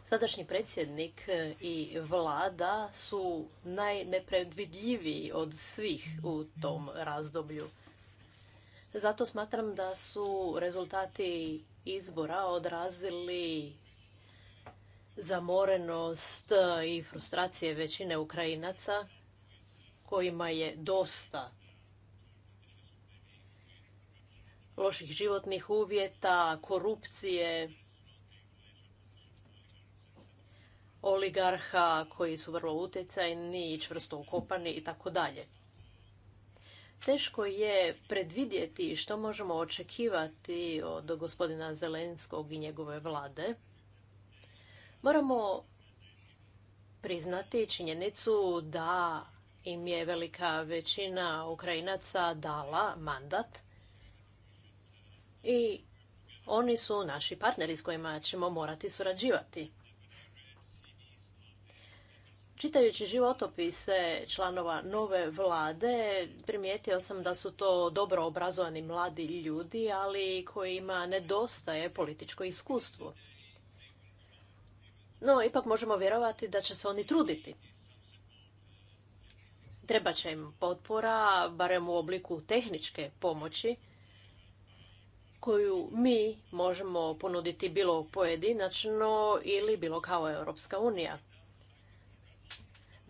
Sadašnji predsjednik e, i vlada su najnepredvidljiviji od svih u tom razdoblju. Zato smatram da su rezultati izbora odrazili zamorenost e, i frustracije većine Ukrajinaca kojima je dosta loših životnih uvjeta, korupcije oligarha koji su vrlo utjecajni i čvrsto ukopani i tako dalje. Teško je predvidjeti što možemo očekivati od gospodina Zelenskog i njegove vlade. Moramo priznati činjenicu da im je velika većina Ukrajinaca dala mandat i oni su naši partneri s kojima ćemo morati surađivati. Čitajući životopise članova nove vlade, primijetio sam da su to dobro obrazovani mladi ljudi, ali kojima nedostaje političko iskustvo. No, ipak možemo vjerovati da će se oni truditi. Treba će im potpora, barem u obliku tehničke pomoći, koju mi možemo ponuditi bilo pojedinačno ili bilo kao Europska unija.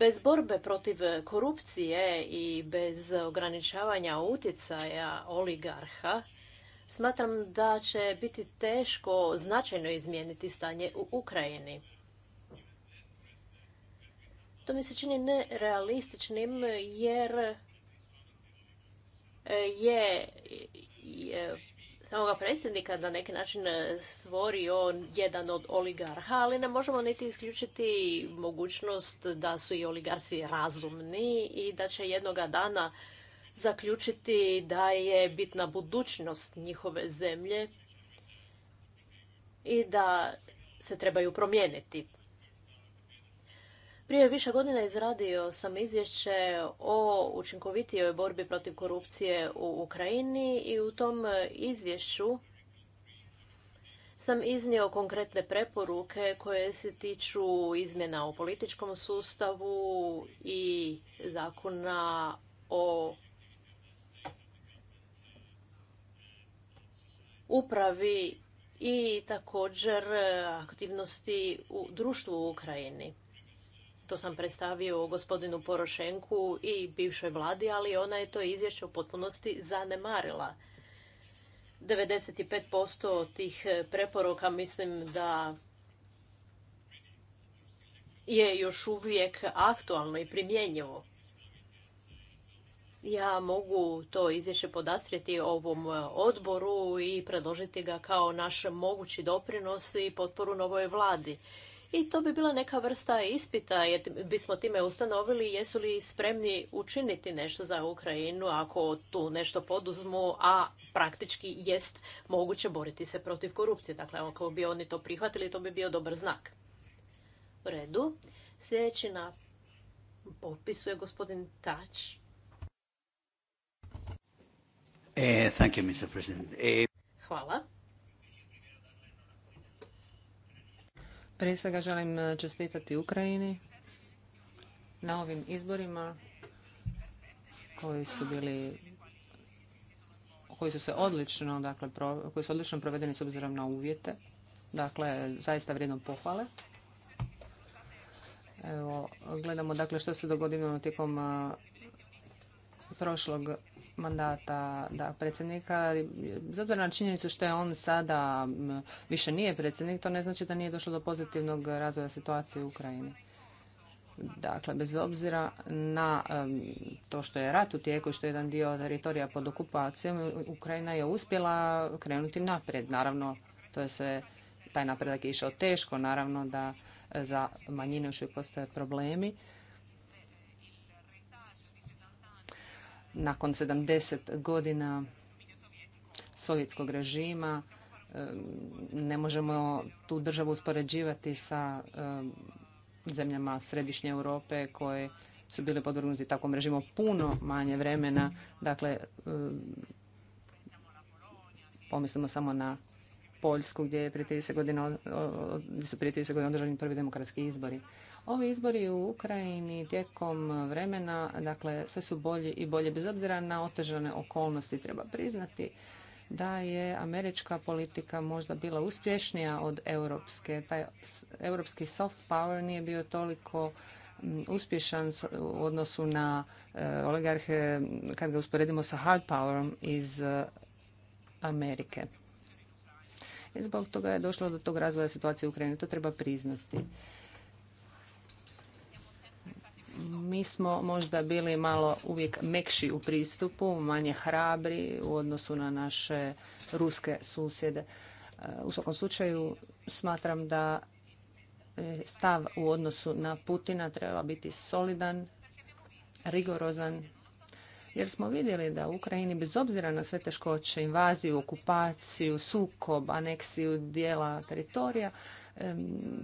Bez borbe protiv korupcije i bez ograničavanja utjecaja oligarha, smatram da će biti teško značajno izmijeniti stanje u Ukrajini. To mi se čini nerealističnim jer je samoga predsjednika na neki način e, on jedan od oligarha, ali ne možemo niti isključiti mogućnost da su i oligarci razumni i da će jednoga dana zaključiti da je bitna budućnost njihove zemlje i da se trebaju promijeniti. Prije više godina izradio sam izvješće o učinkovitijoj borbi protiv korupcije u Ukrajini i u tom e, izvješću sam iznio konkretne preporuke koje se tiču izmjena u političkom sustavu i zakona o upravi i također e, aktivnosti u društvu u Ukrajini. To sam predstavio gospodinu Porošenku i bivšoj vladi, ali ona je to izvješće u potpunosti zanemarila. 95% tih preporoka mislim da je još uvijek aktualno i primjenjivo. Ja mogu to izvješće podastrijeti ovom odboru i predložiti ga kao naš mogući doprinos i potporu novoj vladi i to bi bila neka vrsta ispita jer bismo time ustanovili jesu li spremni učiniti nešto za Ukrajinu ako tu nešto poduzmu, a praktički jest moguće boriti se protiv korupcije. Dakle, ako bi oni to prihvatili, to bi bio dobar znak. U redu. Sljedeći na popisu je gospodin Tač. Eh, eh, Hvala. Prije svega želim e, čestitati Ukrajini na ovim izborima koji su bili koji su se odlično, dakle, koji su odlično provedeni s obzirom na uvjete. Dakle, zaista vrijedno pohvale. Evo, gledamo dakle što se dogodilo tijekom e, prošlog mandata da predsjednika, zato na činjenicu što je on sada više nije predsjednik, to ne znači da nije došlo do pozitivnog razvoja situacije u Ukrajini. Dakle, bez obzira na to što je rat u tijeku i što je jedan dio teritorija pod okupacijom, Ukrajina je uspjela krenuti naprijed. Naravno, to je taj napredak je išao teško, naravno da e, za manjine još uvijek postoje problemi. nakon 70 godina sovjetskog režima e, ne možemo tu državu uspoređivati sa e, zemljama središnje Europe koje su bile podvrgnuti takvom režimu puno manje vremena. Dakle, e, pomislimo samo na Poljsku gdje je prije 30 godina, su prije 30 godina održani prvi demokratski izbori. Ovi izbori u Ukrajini tijekom vremena, dakle, sve su bolji i bolje. Bez obzira na otežane okolnosti treba priznati da je američka politika možda bila uspješnija od europske. Taj europski soft power nije bio toliko uspješan u odnosu na e, oligarhe kad ga usporedimo sa hard powerom iz e, Amerike. I zbog toga je došlo do tog razvoja situacije u Ukrajini. To treba priznati. Mi smo možda bili malo uvijek mekši u pristupu, manje hrabri u odnosu na naše ruske susjede. E, u svakom slučaju smatram da stav u odnosu na Putina treba biti solidan, rigorozan, jer smo vidjeli da u Ukrajini, bez obzira na sve teškoće, invaziju, okupaciju, sukob, aneksiju dijela teritorija,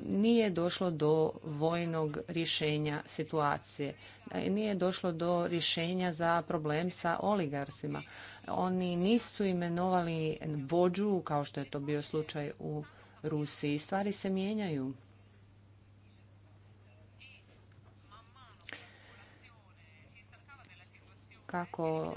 nije došlo do vojnog rješenja situacije. E, nije došlo do rješenja za problem sa oligarsima. Oni nisu imenovali vođu, kao što je to bio slučaj u Rusiji. Stvari se mijenjaju. Kako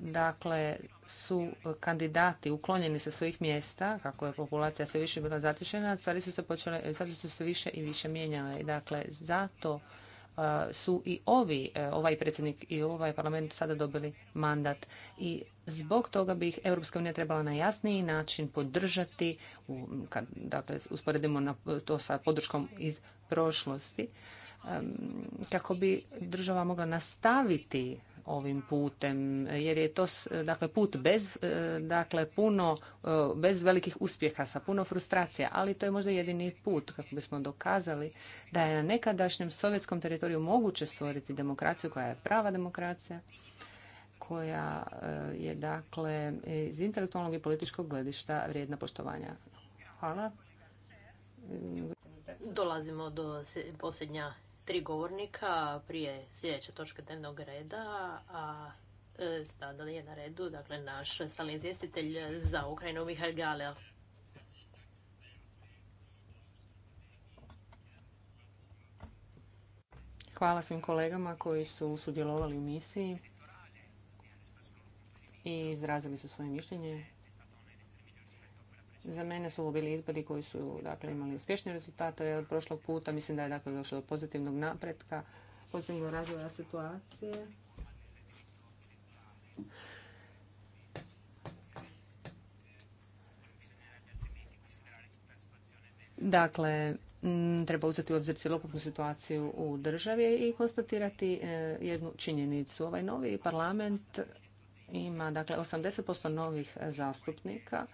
dakle su e, kandidati uklonjeni sa svojih mjesta, kako je populacija sve više bila zatišena, stvari su se počele, e, stvari su se više i više mijenjale. Dakle, zato e, su i ovi, ovaj predsjednik i ovaj parlament sada dobili mandat. I zbog toga bi ih Europska unija trebala na jasniji način podržati, kad, dakle, usporedimo to sa podrškom iz prošlosti, kako bi država mogla nastaviti ovim putem jer je to dakle put bez e, dakle puno e, bez velikih uspjeha sa puno frustracija, ali to je možda jedini put kako bismo dokazali da je na nekadašnjem sovjetskom teritoriju moguće stvoriti demokraciju koja je prava demokracija koja e, je dakle iz intelektualnog i političkog gledišta vrijedna poštovanja. Hvala. Dolazimo do posljednja tri govornika prije sljedeće točke dnevnog reda, a e, sada je na redu dakle, naš stalni izvjestitelj za Ukrajinu Mihajl Galea. Hvala svim kolegama koji su sudjelovali u misiji i izrazili su svoje mišljenje za mene su ovo bili izbori koji su dakle, imali uspješne rezultate od prošlog puta. Mislim da je dakle, došlo do pozitivnog napretka, pozitivnog razvoja situacije. Dakle, treba uzeti u obzir cjelokupnu situaciju u državi i konstatirati e, jednu činjenicu. Ovaj novi parlament ima dakle 80% novih zastupnika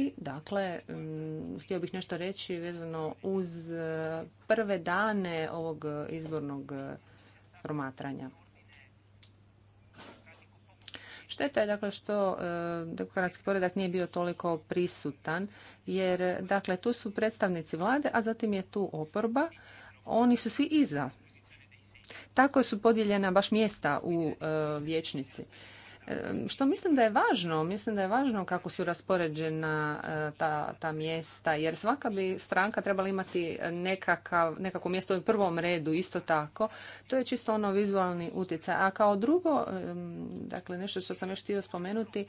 i dakle, mm, htio bih nešto reći vezano uz e, prve dane ovog izbornog e, promatranja. Šteta je dakle što e, demokratski poredak nije bio toliko prisutan jer dakle tu su predstavnici vlade, a zatim je tu oporba. Oni su svi iza. Tako su podijeljena baš mjesta u vječnici što mislim da je važno. Mislim da je važno kako su raspoređena e, ta, ta mjesta, jer svaka bi stranka trebala imati nekakav, nekako mjesto u prvom redu, isto tako. To je čisto ono vizualni utjecaj. A kao drugo, dakle nešto što sam još htio spomenuti,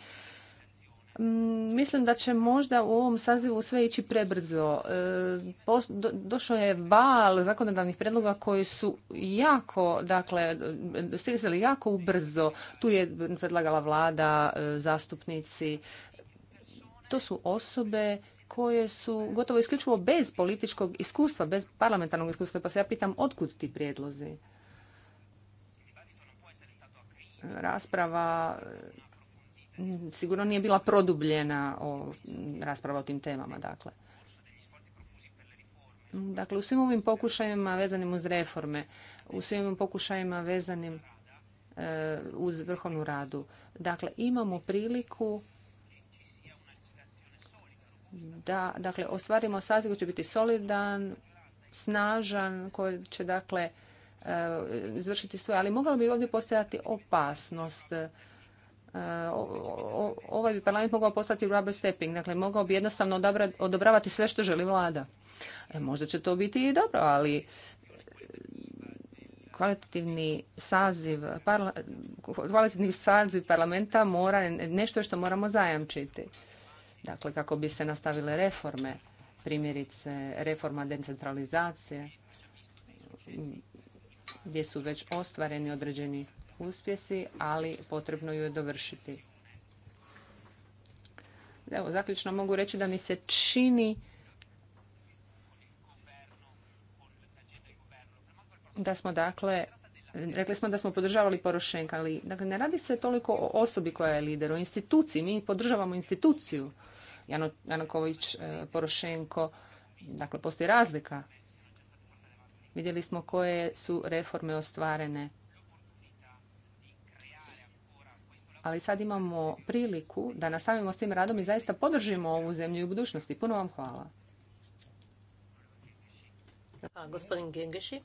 Mm, mislim da će možda u ovom sazivu sve ići prebrzo. E, došao je val zakonodavnih predloga koji su jako, dakle, stizali jako ubrzo. Tu je predlagala vlada, e, zastupnici. To su osobe koje su gotovo isključivo bez političkog iskustva, bez parlamentarnog iskustva. Pa se ja pitam, otkud ti prijedlozi? Rasprava sigurno nije bila produbljena o, rasprava o tim temama. Dakle. dakle, u svim ovim pokušajima vezanim uz reforme, u svim ovim pokušajima vezanim e, uz vrhovnu radu, dakle, imamo priliku da dakle, ostvarimo saziv koji će biti solidan, snažan, koji će dakle e, izvršiti svoje, ali mogla bi ovdje postojati opasnost ovaj bi parlament mogao postati rubber stepping, dakle mogao bi jednostavno odobravati sve što želi vlada. E, možda će to biti i dobro, ali e, kvalitativni saziv, parla, kvalitativni saziv parlamenta mora nešto što moramo zajamčiti. Dakle, kako bi se nastavile reforme, primjerice reforma decentralizacije, gdje su već ostvareni određeni uspjesi, ali potrebno ju je dovršiti. Evo, zaključno mogu reći da mi se čini da smo dakle Rekli smo da smo podržavali Porošenka, ali dakle, ne radi se toliko o osobi koja je lider, o instituciji. Mi podržavamo instituciju. Janaković, e, Porošenko, dakle, postoji razlika. Vidjeli smo koje su reforme ostvarene. ali sad imamo priliku da nastavimo s tim radom i zaista podržimo ovu zemlju u budućnosti. Puno vam hvala. Hvala gospodin Gengeši.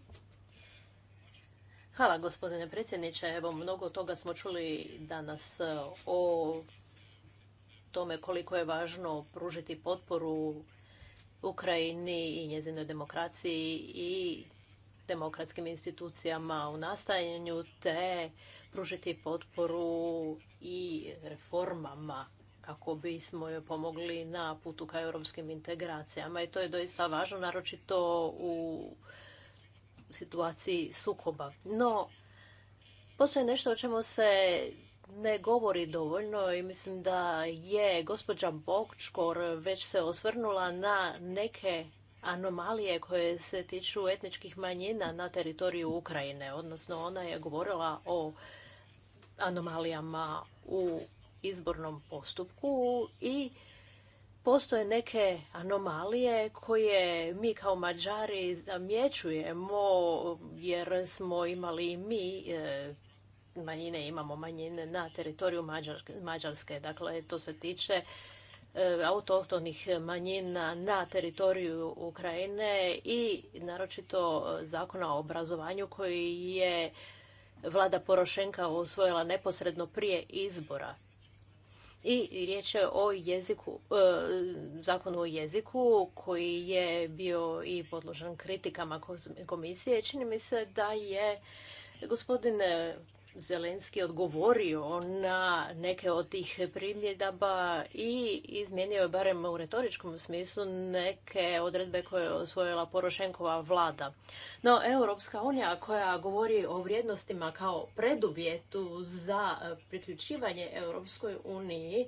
Hvala gospodine predsjedniče. Evo, mnogo toga smo čuli danas e, o tome koliko je važno pružiti potporu Ukrajini i njezinoj demokraciji i demokratskim institucijama u nastajanju te pružiti potporu i reformama kako bismo joj pomogli na putu ka europskim integracijama. I to je doista važno, naročito u situaciji sukoba. No, postoje nešto o čemu se ne govori dovoljno i mislim da je gospođa Bokčkor već se osvrnula na neke anomalije koje se tiču etničkih manjina na teritoriju Ukrajine. Odnosno, ona je govorila o anomalijama u izbornom postupku i postoje neke anomalije koje mi kao Mađari zamjećujemo jer smo imali i mi e, manjine, imamo manjine na teritoriju Mađarske. Dakle, to se tiče E, autohtonih manjina na teritoriju Ukrajine i naročito e, zakona o obrazovanju koji je vlada Porošenka usvojila neposredno prije izbora. I riječ je o jeziku, e, zakonu o jeziku koji je bio i podložan kritikama komisije. Čini mi se da je gospodine... Zelenski odgovorio na neke od tih primjedaba i izmijenio je barem u retoričkom smislu neke odredbe koje je osvojila Porošenkova vlada. No, Europska unija koja govori o vrijednostima kao preduvjetu za priključivanje Europskoj uniji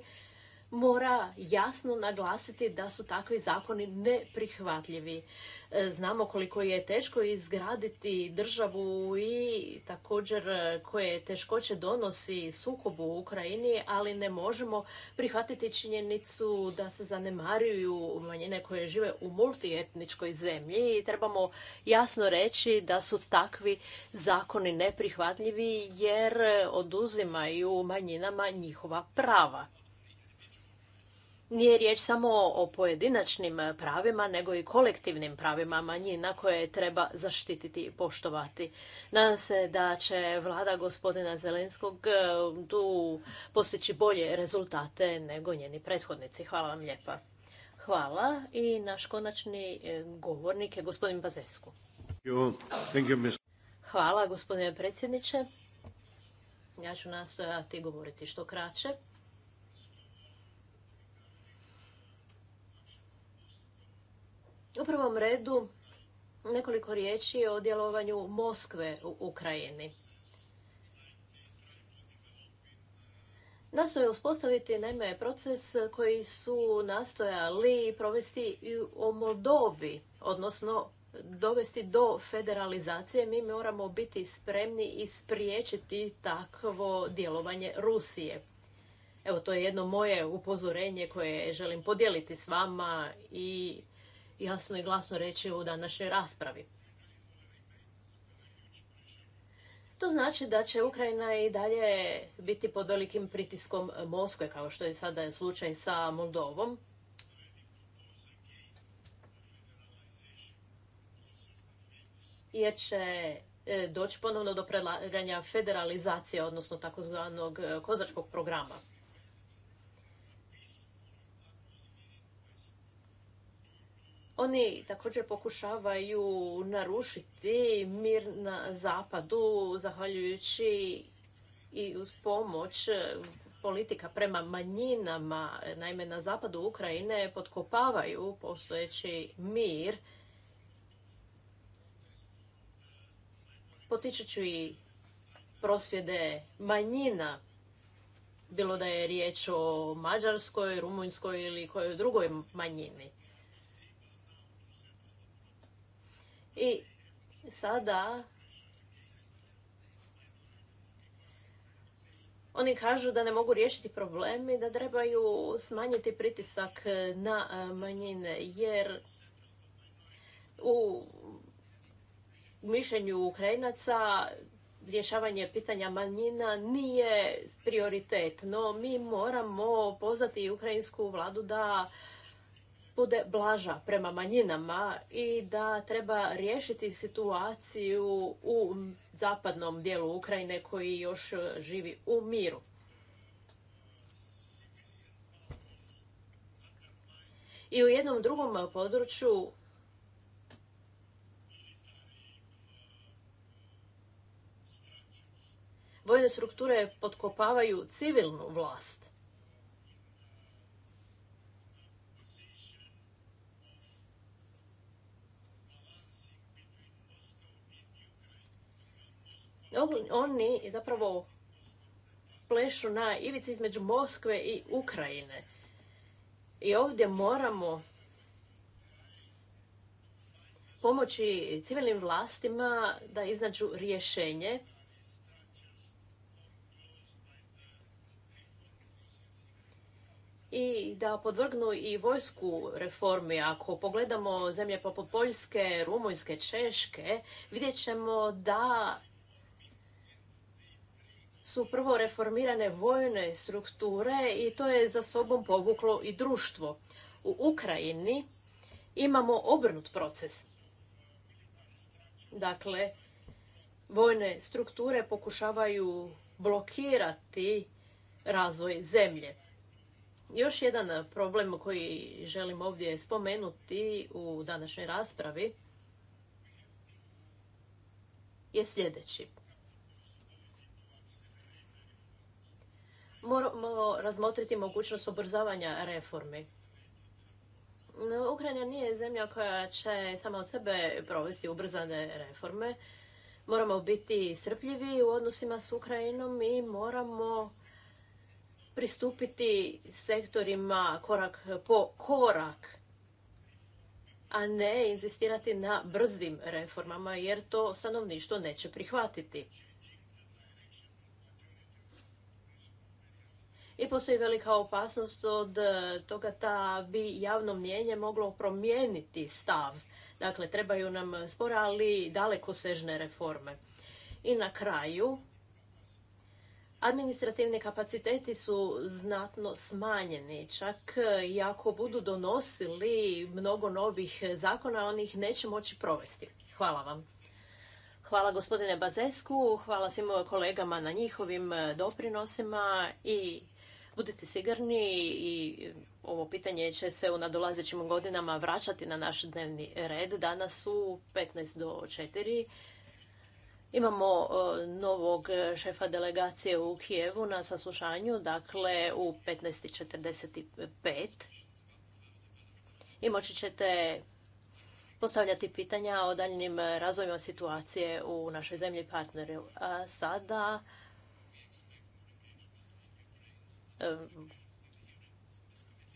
mora jasno naglasiti da su takvi zakoni neprihvatljivi. E, znamo koliko je teško izgraditi državu i također e, koje teškoće donosi sukobu u Ukrajini, ali ne možemo prihvatiti činjenicu da se zanemaruju manjine koje žive u multietničkoj zemlji i trebamo jasno reći da su takvi zakoni neprihvatljivi jer oduzimaju manjinama njihova prava nije riječ samo o pojedinačnim e, pravima, nego i kolektivnim pravima manjina koje treba zaštititi i poštovati. Nadam se da će vlada gospodina Zelenskog e, tu postići bolje rezultate nego njeni prethodnici. Hvala vam lijepa. Hvala i naš konačni e, govornik je gospodin Bazesku. Hvala gospodine predsjedniče. Ja ću nastojati govoriti što kraće. U prvom redu nekoliko riječi o djelovanju Moskve u Ukrajini. Nastoje uspostaviti naime proces koji su nastojali provesti i o Moldovi, odnosno dovesti do federalizacije, mi moramo biti spremni i spriječiti takvo djelovanje Rusije. Evo, to je jedno moje upozorenje koje želim podijeliti s vama i jasno i glasno reći u današnjoj raspravi. To znači da će Ukrajina i dalje biti pod velikim pritiskom Moskve, kao što je sada slučaj sa Moldovom. Jer će e, doći ponovno do predlaganja federalizacije, odnosno takozvanog e, kozačkog programa. Oni također pokušavaju narušiti mir na zapadu zahvaljujući i uz pomoć e, politika prema manjinama, naime na zapadu Ukrajine, potkopavaju postojeći mir. ću i prosvjede manjina, bilo da je riječ o mađarskoj, rumunjskoj ili kojoj drugoj manjini. I sada Oni kažu da ne mogu riješiti problem i da trebaju smanjiti pritisak na e, manjine, jer u mišljenju Ukrajinaca rješavanje pitanja manjina nije prioritet, no mi moramo pozvati ukrajinsku vladu da bude blaža prema manjinama i da treba riješiti situaciju u zapadnom dijelu Ukrajine koji još živi u miru. I u jednom drugom području vojne strukture potkopavaju civilnu vlast. oni zapravo plešu na ivici između Moskve i Ukrajine. I ovdje moramo pomoći civilnim vlastima da iznađu rješenje i da podvrgnu i vojsku reformi. Ako pogledamo zemlje poput Poljske, Rumunjske, Češke, vidjet ćemo da su prvo reformirane vojne strukture i to je za sobom povuklo i društvo. U Ukrajini imamo obrnut proces. Dakle, vojne strukture pokušavaju blokirati razvoj zemlje. Još jedan problem koji želim ovdje spomenuti u današnjoj raspravi je sljedeći. moramo razmotriti mogućnost obrzavanja reformi. Ukrajina nije zemlja koja će sama od sebe provesti ubrzane reforme. Moramo biti srpljivi u odnosima s Ukrajinom i moramo pristupiti sektorima korak po korak, a ne inzistirati na brzim reformama jer to stanovništvo neće prihvatiti. i postoji velika opasnost od e, toga da bi javno mnjenje moglo promijeniti stav. Dakle, trebaju nam spora, ali daleko sežne reforme. I na kraju, administrativni kapaciteti su znatno smanjeni. Čak e, i ako budu donosili mnogo novih zakona, oni ih neće moći provesti. Hvala vam. Hvala gospodine Bazesku, hvala svim kolegama na njihovim e, doprinosima i Budite sigurni i ovo pitanje će se u nadolazećim godinama vraćati na naš dnevni red. Danas u 15 do 4 Imamo e, novog šefa delegacije u Kijevu na saslušanju, dakle u 15.45. I moći ćete postavljati pitanja o daljnim razvojima situacije u našoj zemlji partneru. A sada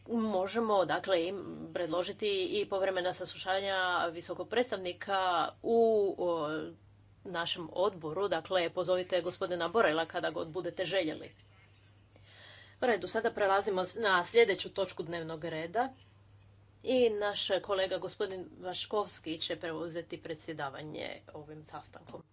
možemo dakle im predložiti i povremena saslušanja visokog predstavnika u našem odboru. Dakle, pozovite gospodina Borela kada god budete željeli. U redu, sada prelazimo na sljedeću točku dnevnog reda. I naš kolega gospodin Vaškovski će preuzeti predsjedavanje ovim sastankom.